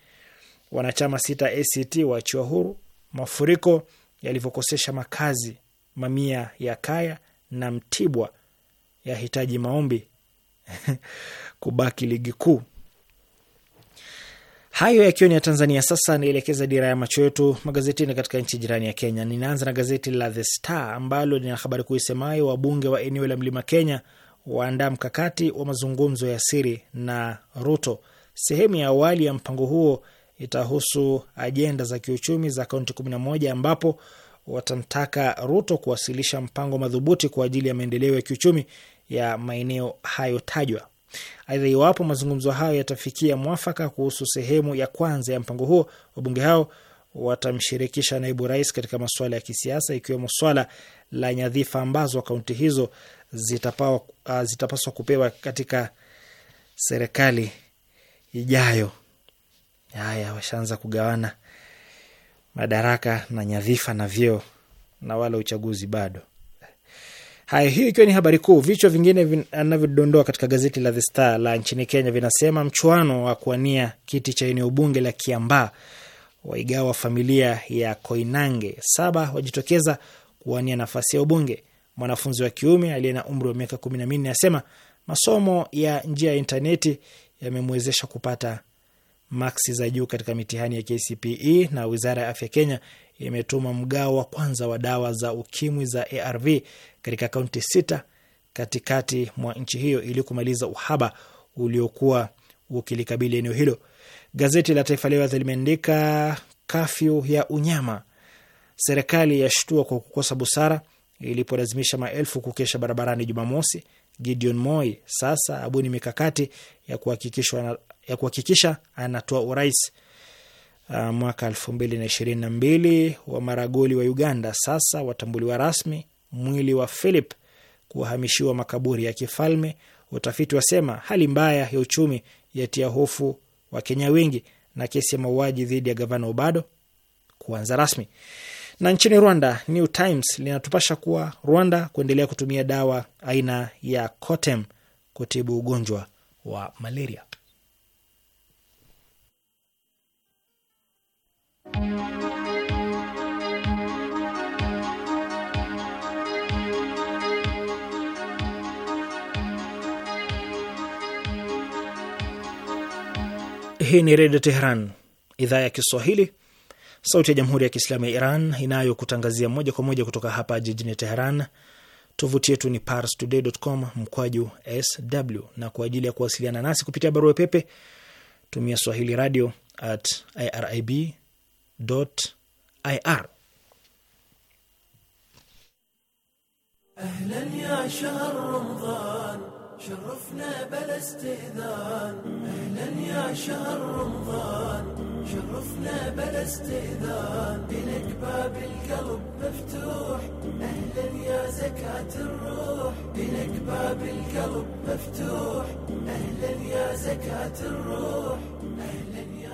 wanachama sita ACT waachiwa huru, mafuriko yalivyokosesha makazi mamia ya kaya, na Mtibwa yahitaji maombi [laughs] kubaki ligi kuu. Hayo yakiwa ni ya Tanzania. Sasa naelekeza dira ya macho yetu magazetini katika nchi jirani ya Kenya. Ninaanza na gazeti la The Star ambalo lina habari kuu isemayo wabunge wa eneo la mlima Kenya waandaa mkakati wa mazungumzo ya siri na Ruto. Sehemu ya awali ya mpango huo itahusu ajenda za kiuchumi za kaunti 11 ambapo watamtaka Ruto kuwasilisha mpango madhubuti kwa ajili ya maendeleo ya kiuchumi ya maeneo hayo tajwa. Aidha, iwapo mazungumzo hayo yatafikia mwafaka kuhusu sehemu ya kwanza ya mpango huo, wabunge hao watamshirikisha naibu rais katika masuala ya kisiasa, ikiwemo swala la nyadhifa ambazo kaunti hizo uh, zitapaswa kupewa katika serikali ijayo. Haya, washaanza kugawana madaraka na nyadhifa na vyeo, na wala uchaguzi bado. Haya, hiyo ikiwa ni habari kuu. Vichwa vingine anavyodondoa katika gazeti la The Star la nchini Kenya vinasema mchuano wa kuwania kiti cha eneo bunge la Kiambaa waigawa familia ya Koinange, saba wajitokeza kuwania nafasi ya ubunge. Mwanafunzi wa kiume aliye na umri wa miaka kumi na minne asema masomo ya njia ya intaneti yamemwezesha kupata maksi za juu katika mitihani ya KCPE na wizara ya afya Kenya imetuma mgao wa kwanza wa dawa za ukimwi za ARV katika kaunti sita katikati mwa nchi hiyo ili kumaliza uhaba uliokuwa ukilikabili eneo hilo. Gazeti la Taifa Leo limeandika kafyu ya unyama, serikali yashtua kwa kukosa busara ilipolazimisha maelfu kukesha barabarani Jumamosi. Gideon Moi sasa abuni mikakati ya kuhakikisha ya kuhakikisha anatoa urais uh, mwaka elfu mbili na ishirini na mbili. Wa maragoli wa Uganda sasa watambuliwa rasmi. Mwili wa Philip kuhamishiwa makaburi ya kifalme. Utafiti wasema hali mbaya ya uchumi yatia hofu Wakenya wengi, na kesi ya mauaji dhidi ya gavana Obado kuanza rasmi. Na nchini Rwanda, New Times linatupasha kuwa Rwanda kuendelea kutumia dawa aina ya Cotem kutibu ugonjwa wa malaria. Hii ni Redio Teheran, idhaa ya Kiswahili, sauti ya Jamhuri ya Kiislamu ya Iran inayokutangazia moja kwa moja kutoka hapa jijini Teheran. Tovuti yetu ni parstoday.com mkwaju sw, na kwa ajili ya kuwasiliana nasi kupitia barua pepe tumia swahili radio at irib ir أهلا يا شهر رمضان شرفنا بلا استئذان أهلا يا شهر رمضان شرفنا بلا استئذان إلك باب القلب مفتوح أهلا يا زكاة الروح إلك باب القلب مفتوح أهلا يا زكاة الروح أهلا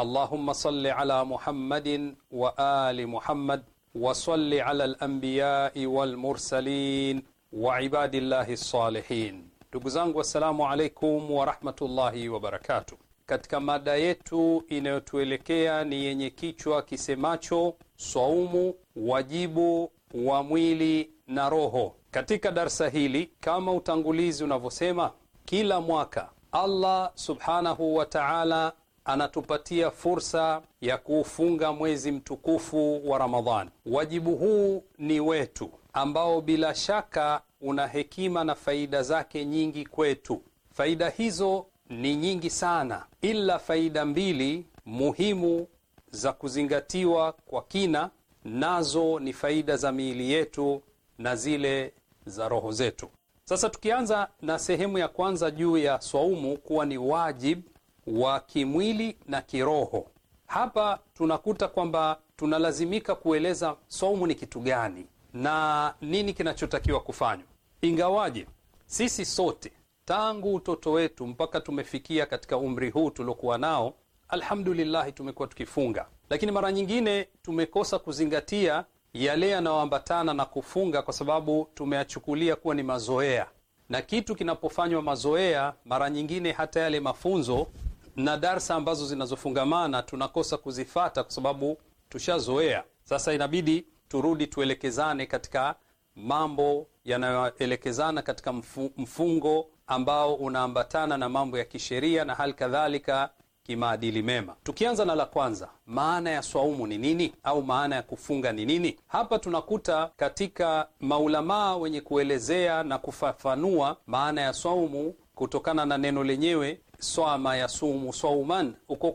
اللهم صل على محمد وآل محمد وصل على الأنبياء والمرسلين وعباد الله الصالحين Ndugu zangu, assalamu alaikum warahmatullahi wabarakatu Katika mada yetu inayotuelekea ni yenye kichwa kisemacho swaumu, wajibu wa mwili na roho. Katika darsa hili, kama utangulizi unavyosema, kila mwaka Allah subhanahu wataala anatupatia fursa ya kuufunga mwezi mtukufu wa Ramadhani. Wajibu huu ni wetu, ambao bila shaka una hekima na faida zake nyingi kwetu. Faida hizo ni nyingi sana, ila faida mbili muhimu za kuzingatiwa kwa kina, nazo ni faida za miili yetu na zile za roho zetu. Sasa tukianza na sehemu ya kwanza juu ya swaumu kuwa ni wajib wa kimwili na kiroho. Hapa tunakuta kwamba tunalazimika kueleza somu ni kitu gani na nini kinachotakiwa kufanywa, ingawaje sisi sote tangu utoto wetu mpaka tumefikia katika umri huu tuliokuwa nao, alhamdulillahi, tumekuwa tukifunga, lakini mara nyingine tumekosa kuzingatia yale yanayoambatana na kufunga, kwa sababu tumeyachukulia kuwa ni mazoea, na kitu kinapofanywa mazoea, mara nyingine hata yale mafunzo na darsa ambazo zinazofungamana tunakosa kuzifata kwa sababu tushazoea. Sasa inabidi turudi tuelekezane katika mambo yanayoelekezana katika mfungo ambao unaambatana na mambo ya kisheria na hali kadhalika kimaadili mema. Tukianza na la kwanza, maana ya swaumu ni nini au maana ya kufunga ni nini? Hapa tunakuta katika maulamaa wenye kuelezea na kufafanua maana ya swaumu kutokana na neno lenyewe swama sumu sauman, uko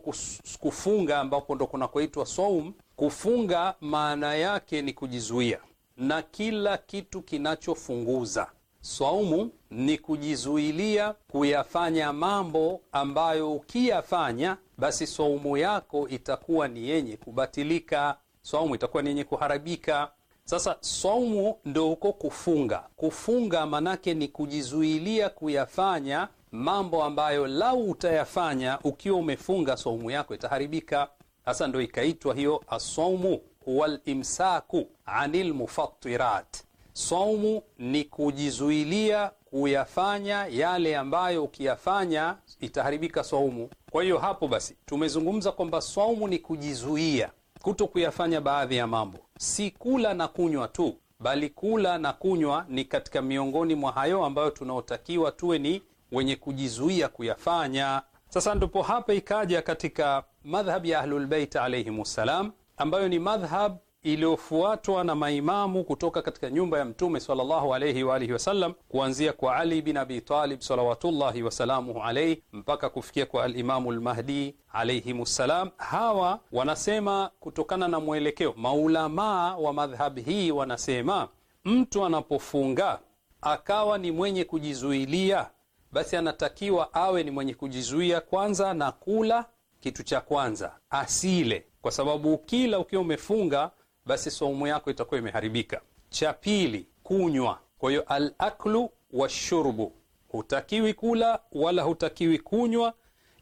kufunga ambapo ndo kunakoitwa saum. Kufunga maana yake ni kujizuia na kila kitu kinachofunguza. swaumu ni kujizuilia kuyafanya mambo ambayo ukiyafanya basi saumu yako itakuwa ni yenye kubatilika, saumu itakuwa ni yenye kuharibika. Sasa saumu ndo uko kufunga. Kufunga maanake ni kujizuilia kuyafanya mambo ambayo lau utayafanya ukiwa umefunga saumu yako itaharibika. sasa ndo ikaitwa hiyo asaumu walimsaku ani lmufatirat, Saumu ni kujizuilia kuyafanya yale ambayo ukiyafanya itaharibika saumu. Kwa hiyo hapo basi tumezungumza kwamba saumu ni kujizuia kuto kuyafanya baadhi ya mambo, si kula na kunywa tu, bali kula na kunywa ni katika miongoni mwa hayo ambayo tunaotakiwa tuwe ni wenye kujizuia kuyafanya. Sasa ndipo hapa ikaja katika madhhab ya Ahlulbeit alaihim ssalam, ambayo ni madhhab iliyofuatwa na maimamu kutoka katika nyumba ya Mtume sallallahu alayhi wa alihi wasallam, kuanzia kwa Ali bin Abi Talib salawatullahi wasalamuhu alayhi mpaka kufikia kwa Alimamu Lmahdi alayhim ssalam. Hawa wanasema kutokana na mwelekeo, maulamaa wa madhhab hii wanasema mtu anapofunga akawa ni mwenye kujizuilia basi anatakiwa awe ni mwenye kujizuia kwanza na kula kitu cha kwanza, asile, kwa sababu kila ukiwa umefunga basi saumu yako itakuwa imeharibika. Cha pili, kunywa. Kwa hiyo alaklu washurbu, hutakiwi kula wala hutakiwi kunywa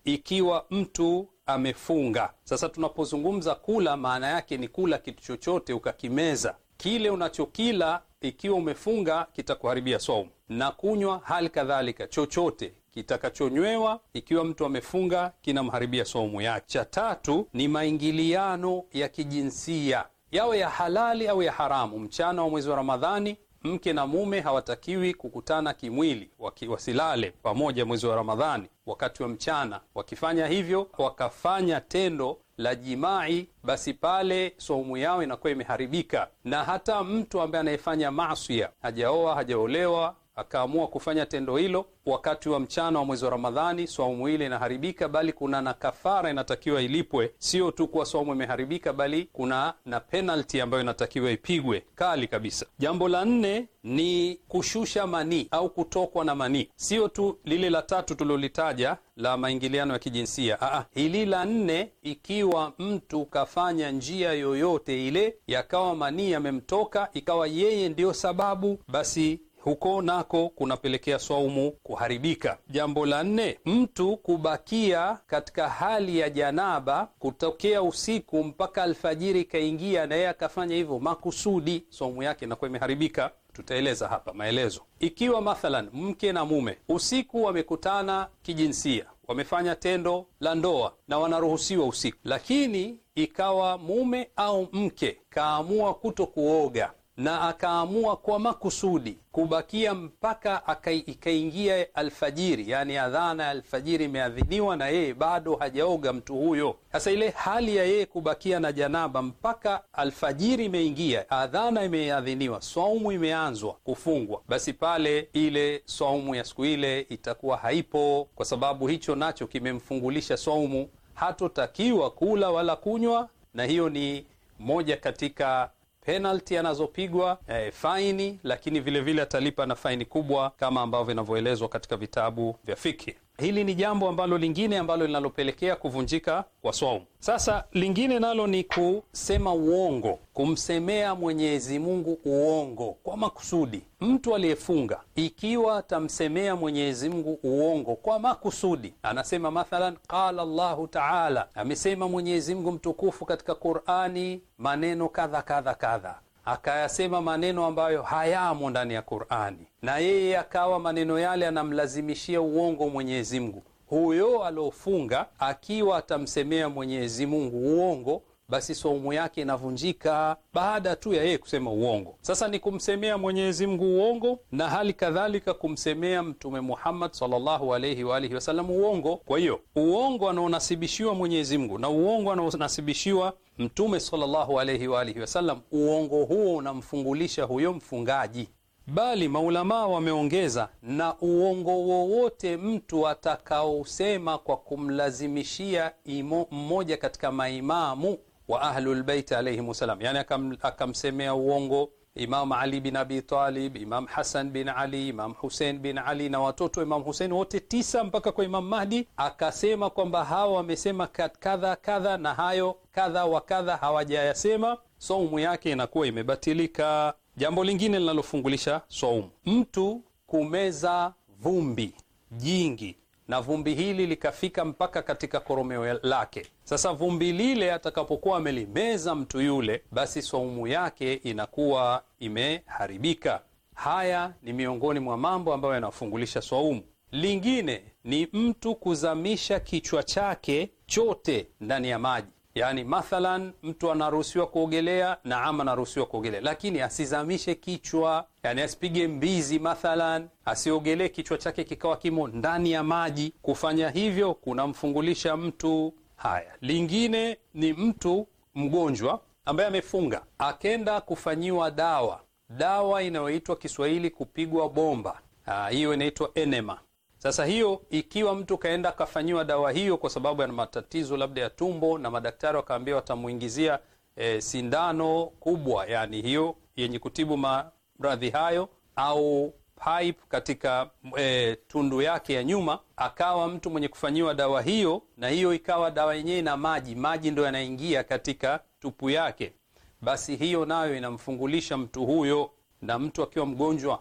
ikiwa mtu amefunga. Sasa tunapozungumza kula, maana yake ni kula kitu chochote ukakimeza. Kile unachokila ikiwa umefunga kitakuharibia saumu na kunywa hali kadhalika chochote kitakachonywewa ikiwa mtu amefunga kinamharibia somu yake. Cha tatu ni maingiliano ya kijinsia, yawe ya halali au ya haramu. Mchana wa mwezi wa Ramadhani mke na mume hawatakiwi kukutana kimwili, wasilale pamoja mwezi wa Ramadhani wakati wa mchana. Wakifanya hivyo, wakafanya tendo la jimai, basi pale somu yao inakuwa imeharibika. Na hata mtu ambaye anayefanya masia, hajaoa hajaolewa akaamua kufanya tendo hilo wakati wa mchana wa mwezi wa Ramadhani, swaumu ile inaharibika, bali kuna na kafara inatakiwa ilipwe. Sio tu kuwa swaumu imeharibika, bali kuna na penalti ambayo inatakiwa ipigwe kali kabisa. Jambo la nne ni kushusha manii au kutokwa na manii, sio tu lile la tatu tulilolitaja la maingiliano ya kijinsia aa, hili la nne, ikiwa mtu kafanya njia yoyote ile yakawa manii yamemtoka, ikawa yeye ndiyo sababu, basi huko nako kunapelekea swaumu kuharibika. Jambo la nne, mtu kubakia katika hali ya janaba kutokea usiku mpaka alfajiri ikaingia, na yeye akafanya hivyo makusudi, swaumu yake inakuwa imeharibika. Tutaeleza hapa maelezo. Ikiwa mathalan mke na mume usiku wamekutana kijinsia, wamefanya tendo la ndoa na wanaruhusiwa usiku, lakini ikawa mume au mke kaamua kuto kuoga na akaamua kwa makusudi kubakia mpaka ikaingia alfajiri, yani adhana ya alfajiri imeadhiniwa na yeye bado hajaoga mtu huyo. Sasa ile hali ya yeye kubakia na janaba mpaka alfajiri imeingia, adhana imeadhiniwa, saumu imeanzwa kufungwa, basi pale ile saumu ya siku ile itakuwa haipo, kwa sababu hicho nacho kimemfungulisha saumu, hatotakiwa kula wala kunywa, na hiyo ni moja katika penalti anazopigwa, eh, faini, lakini vilevile atalipa na faini kubwa kama ambavyo inavyoelezwa katika vitabu vya fiki. Hili ni jambo ambalo lingine ambalo linalopelekea kuvunjika kwa swaumu. Sasa lingine nalo ni kusema uongo, kumsemea Mwenyezi Mungu uongo kwa makusudi. Mtu aliyefunga ikiwa tamsemea Mwenyezi Mungu uongo kwa makusudi, anasema mathalan, qala Allahu taala, amesema Mwenyezi Mungu mtukufu katika Qurani maneno kadha kadha kadha akayasema maneno ambayo hayamo ndani ya Qur'ani, na yeye akawa maneno yale anamlazimishia uongo Mwenyezi Mungu. Huyo aliofunga akiwa atamsemea Mwenyezi Mungu uongo, basi saumu yake inavunjika baada tu ya yeye kusema uongo. Sasa ni kumsemea Mwenyezi Mungu uongo na hali kadhalika kumsemea Mtume Muhammad sallallahu alayhi wa alihi wasallam uongo. Kwa hiyo uongo anaonasibishiwa Mwenyezi Mungu na uongo anaonasibishiwa Mtume sallallahu alayhi wa alihi wasallam, uongo huo unamfungulisha huyo mfungaji. Bali maulamaa wameongeza, na uongo wowote mtu atakaosema kwa kumlazimishia imo, mmoja katika maimamu wa ahlulbeiti alayhim wassalam, yani akam, akamsemea uongo Imam Ali bin Abi Talib, Imam Hasan bin Ali, Imam Husein bin Ali na watoto Imam Husein wote tisa mpaka kwa Imam Mahdi, akasema kwamba hawa wamesema kadha kadha na hayo kadha wa kadha hawajayasema, saumu yake inakuwa imebatilika. Jambo lingine linalofungulisha saumu, mtu kumeza vumbi jingi na vumbi hili likafika mpaka katika koromeo lake. Sasa vumbi lile atakapokuwa amelimeza mtu yule, basi saumu yake inakuwa imeharibika. Haya ni miongoni mwa mambo ambayo yanafungulisha saumu. Lingine ni mtu kuzamisha kichwa chake chote ndani ya maji. Yani mathalan mtu anaruhusiwa kuogelea na ama anaruhusiwa kuogelea, lakini asizamishe kichwa, yani asipige mbizi mathalan, asiogelee kichwa chake kikawa kimo ndani ya maji. Kufanya hivyo kunamfungulisha mtu. Haya, lingine ni mtu mgonjwa ambaye amefunga akenda kufanyiwa dawa, dawa inayoitwa Kiswahili kupigwa bomba, ah, hiyo inaitwa enema sasa hiyo ikiwa mtu kaenda kafanyiwa dawa hiyo kwa sababu ya matatizo labda ya tumbo, na madaktari wakaambia watamuingizia e, sindano kubwa, yani hiyo yenye kutibu maradhi hayo, au pipe katika e, tundu yake ya nyuma, akawa mtu mwenye kufanyiwa dawa hiyo, na hiyo ikawa dawa yenyewe na maji maji ndo yanaingia katika tupu yake, basi hiyo nayo inamfungulisha mtu huyo, na mtu akiwa mgonjwa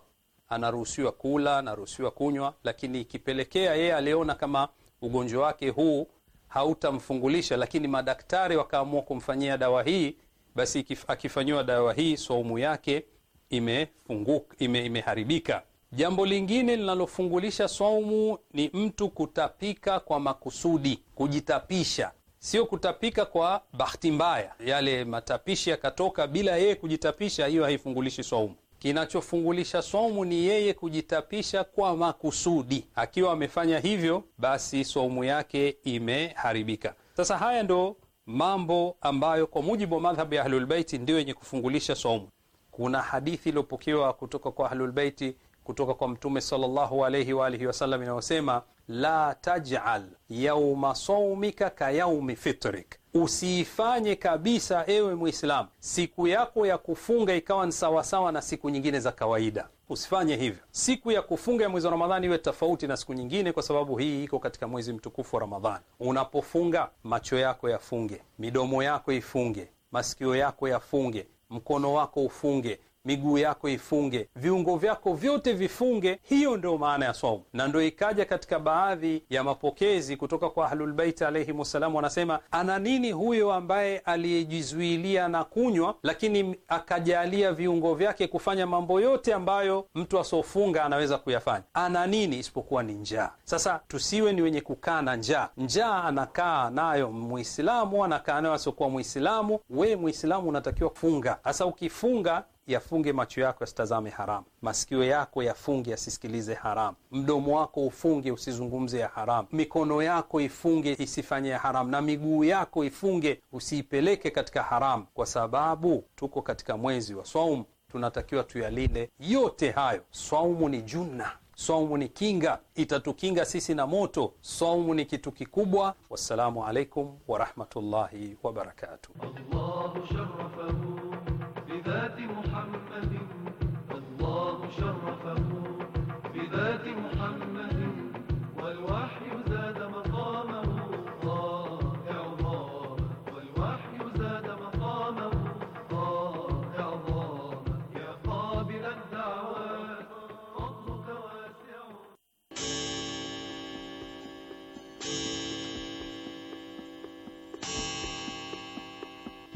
anaruhusiwa kula, anaruhusiwa kunywa, lakini ikipelekea yeye aliona kama ugonjwa wake huu hautamfungulisha, lakini madaktari wakaamua kumfanyia dawa hii, basi akifanyiwa dawa hii saumu yake imefunguka, ime, imeharibika. Jambo lingine linalofungulisha saumu ni mtu kutapika kwa makusudi, kujitapisha, sio kutapika kwa bahati mbaya. Yale matapishi yakatoka bila yeye kujitapisha, hiyo haifungulishi saumu. Kinachofungulisha somu ni yeye kujitapisha kwa makusudi. Akiwa amefanya hivyo, basi somu yake imeharibika. Sasa haya ndo mambo ambayo kwa mujibu wa madhhabu ya Ahlulbeiti ndio yenye kufungulisha somu. Kuna hadithi iliyopokewa kutoka kwa Ahlulbeiti kutoka kwa Mtume sallallahu alayhi wa alihi wasallam inayosema la taj'al yauma saumika ka yaumi fitrik, usiifanye kabisa ewe mwislamu siku yako ya kufunga ikawa ni sawasawa na siku nyingine za kawaida. Usifanye hivyo. Siku ya kufunga ya mwezi wa Ramadhani iwe tofauti na siku nyingine, kwa sababu hii iko katika mwezi mtukufu wa Ramadhani. Unapofunga, macho yako yafunge, midomo yako ifunge, masikio yako yafunge, mkono wako ufunge miguu yako ifunge, viungo vyako vyote vifunge. Hiyo ndio maana ya saumu, na ndo ikaja katika baadhi ya mapokezi kutoka kwa Ahlulbeiti alaihim wassalam, wanasema ana nini huyo ambaye aliyejizuilia na kunywa, lakini akajalia viungo vyake kufanya mambo yote ambayo mtu asofunga anaweza kuyafanya? Ana nini isipokuwa ni njaa? Sasa tusiwe ni wenye kukaa na njaa. Njaa anakaa nayo Muislamu, anakaa nayo asiokuwa Muislamu. We Muislamu unatakiwa kufunga. hasa ukifunga yafunge macho yako yasitazame haram masikio yako yafunge yasisikilize haram mdomo wako ufunge usizungumze ya haram mikono yako ifunge isifanye ya haram na miguu yako ifunge usiipeleke katika haram kwa sababu tuko katika mwezi wa swaum Tunatakiwa tuyalinde yote hayo. Swaumu ni junna, swaumu ni kinga, itatukinga sisi na moto. Swaumu ni kitu kikubwa. Wassalamu alaikum warahmatullahi wabarakatuh. شرفه بذات محمد والوحي زاد مقامه ضائع ضام والوحي زاد مقامه ضائع ضام يا قابل الدعوات فضلك واسع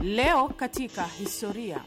Leo katika historia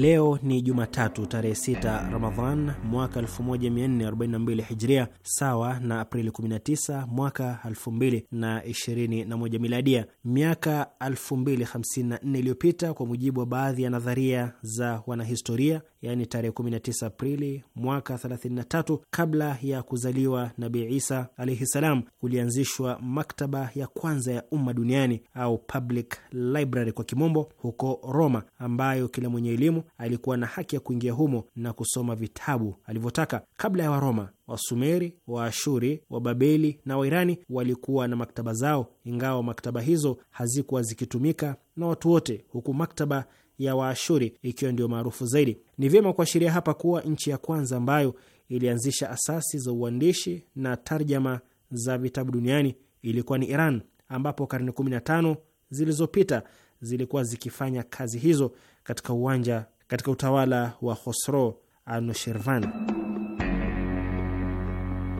Leo ni Jumatatu tarehe 6 Ramadhan mwaka 1442 Hijria, sawa na Aprili 19 mwaka 2021 Miladia. Miaka 2054 iliyopita, kwa mujibu wa baadhi ya nadharia za wanahistoria, yani tarehe 19 Aprili mwaka 33 kabla ya kuzaliwa Nabi Isa alaihi salam, kulianzishwa maktaba ya kwanza ya umma duniani au public library kwa kimombo, huko Roma, ambayo kila mwenye elimu alikuwa na haki ya kuingia humo na kusoma vitabu alivyotaka. Kabla ya Waroma, Wasumeri, Waashuri, Wababeli na Wairani walikuwa na maktaba zao, ingawa maktaba hizo hazikuwa zikitumika na watu wote, huku maktaba ya Waashuri ikiwa ndio maarufu zaidi. Ni vyema kuashiria hapa kuwa nchi ya kwanza ambayo ilianzisha asasi za uandishi na tarjama za vitabu duniani ilikuwa ni Iran, ambapo karne 15 zilizopita zilikuwa zikifanya kazi hizo katika uwanja katika utawala wa Khosro Anushirvan.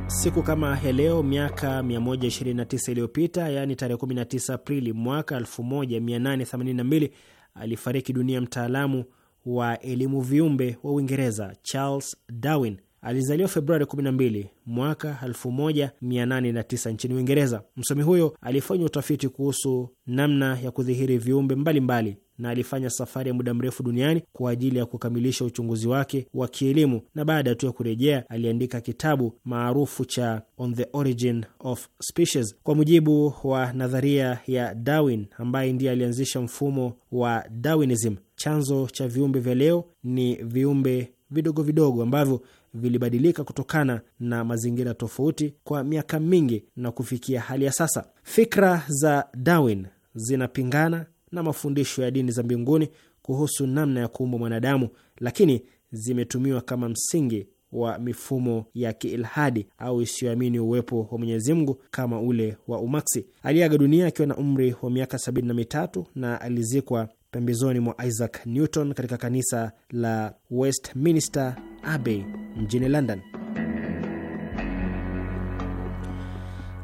Siku kama ya leo miaka 129 iliyopita, yaani tarehe 19 Aprili mwaka 1882 alifariki dunia mtaalamu wa elimu viumbe wa Uingereza Charles Darwin. Alizaliwa Februari 12 mwaka 1809 nchini Uingereza. Msomi huyo alifanya utafiti kuhusu namna ya kudhihiri viumbe mbalimbali mbali na alifanya safari ya muda mrefu duniani kwa ajili ya kukamilisha uchunguzi wake wa kielimu, na baada tu ya kurejea aliandika kitabu maarufu cha On the Origin of Species. Kwa mujibu wa nadharia ya Darwin, ambaye ndiye alianzisha mfumo wa Darwinism, chanzo cha viumbe vya leo ni viumbe vidogo vidogo ambavyo vilibadilika kutokana na mazingira tofauti kwa miaka mingi na kufikia hali ya sasa. Fikra za Darwin zinapingana na mafundisho ya dini za mbinguni kuhusu namna ya kuumbwa mwanadamu, lakini zimetumiwa kama msingi wa mifumo ya kiilhadi au isiyoamini uwepo wa Mwenyezi Mungu kama ule wa Umaksi. Aliaga dunia akiwa na umri wa miaka sabini na mitatu na alizikwa pembezoni mwa Isaac Newton katika kanisa la Westminster Abbey mjini London.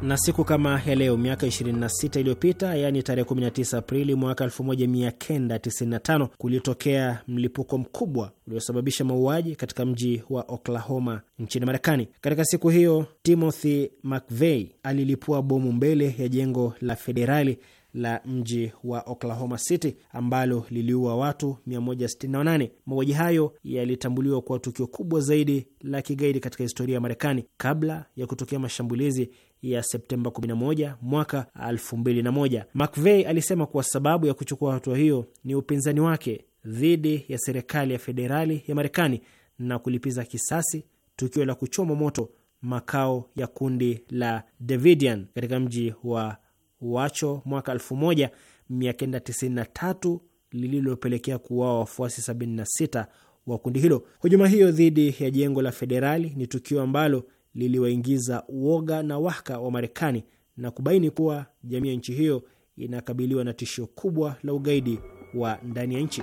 na siku kama ya leo miaka 26 iliyopita, yaani tarehe 19 Aprili mwaka 1995, kulitokea mlipuko mkubwa uliosababisha mauaji katika mji wa Oklahoma nchini Marekani. Katika siku hiyo Timothy McVeigh alilipua bomu mbele ya jengo la federali la mji wa Oklahoma City ambalo liliua watu 168. Mauaji hayo yalitambuliwa kuwa tukio kubwa zaidi la kigaidi katika historia ya Marekani kabla ya kutokea mashambulizi ya Septemba 11 mwaka 2001. McVeigh alisema kuwa sababu ya kuchukua hatua hiyo ni upinzani wake dhidi ya serikali ya federali ya Marekani na kulipiza kisasi tukio la kuchoma moto makao ya kundi la Davidian katika mji wa wacho mwaka 1993 lililopelekea kuuawa wafuasi 76 wa kundi hilo. Hujuma hiyo dhidi ya jengo la federali ni tukio ambalo liliwaingiza uoga na wahka wa Marekani na kubaini kuwa jamii ya nchi hiyo inakabiliwa na tishio kubwa la ugaidi wa ndani ya nchi.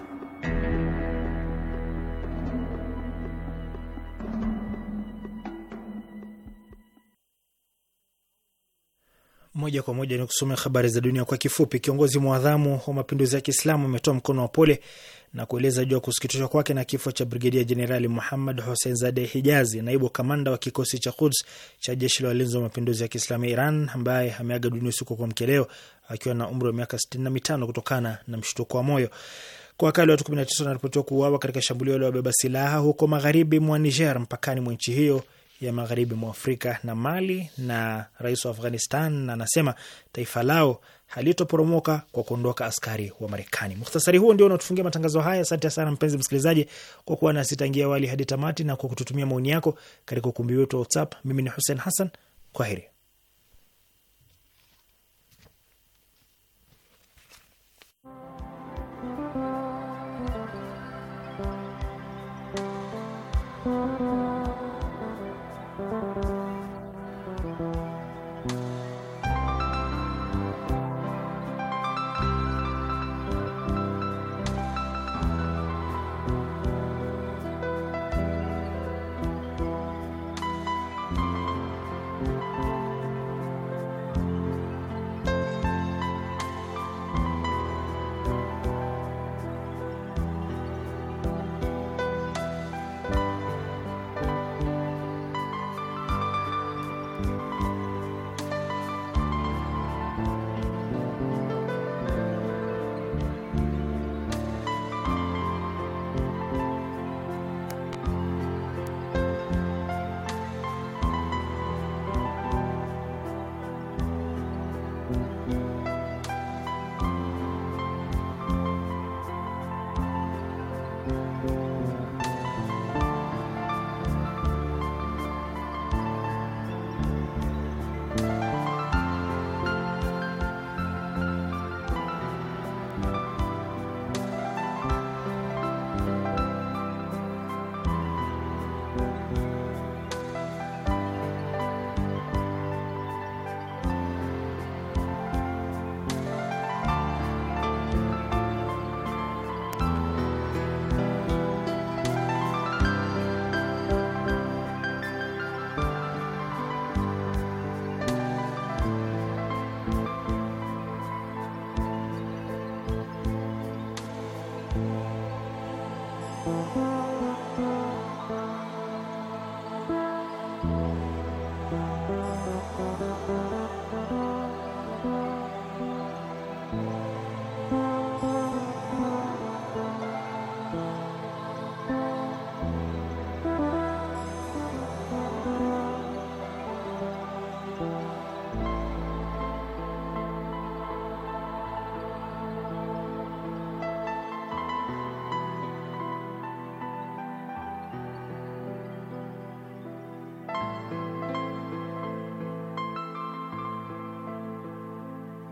Moja kwa moja ni kusomea habari za dunia kwa kifupi. Kiongozi mwadhamu wa mapinduzi ya Kiislamu ametoa mkono wa pole na kueleza juu ya kusikitishwa kwake na kifo cha brigedia jenerali Muhammad Hussein Zade Hijazi, naibu kamanda wa kikosi cha Quds cha jeshi la walinzi wa mapinduzi ya Kiislamu ya Iran, ambaye ameaga dunia usiku kwa mkeleo akiwa na umri wa miaka 65 kutokana na mshtuko wa moyo. Kwa wakali watu 19 wanaripotiwa kuuawa katika shambulio la wabeba silaha huko magharibi mwa Niger, mpakani mwa nchi hiyo ya magharibi mwa Afrika na Mali na rais wa Afghanistan, anasema na taifa lao halitoporomoka kwa kuondoka askari wa Marekani. Mukhtasari huo ndio unatufungia matangazo haya. Asante sana mpenzi msikilizaji kwa kuwa nasi tangia awali hadi tamati na kwa kututumia maoni yako katika ukumbi wetu wa WhatsApp. Mimi ni Hussein Hassan, heri.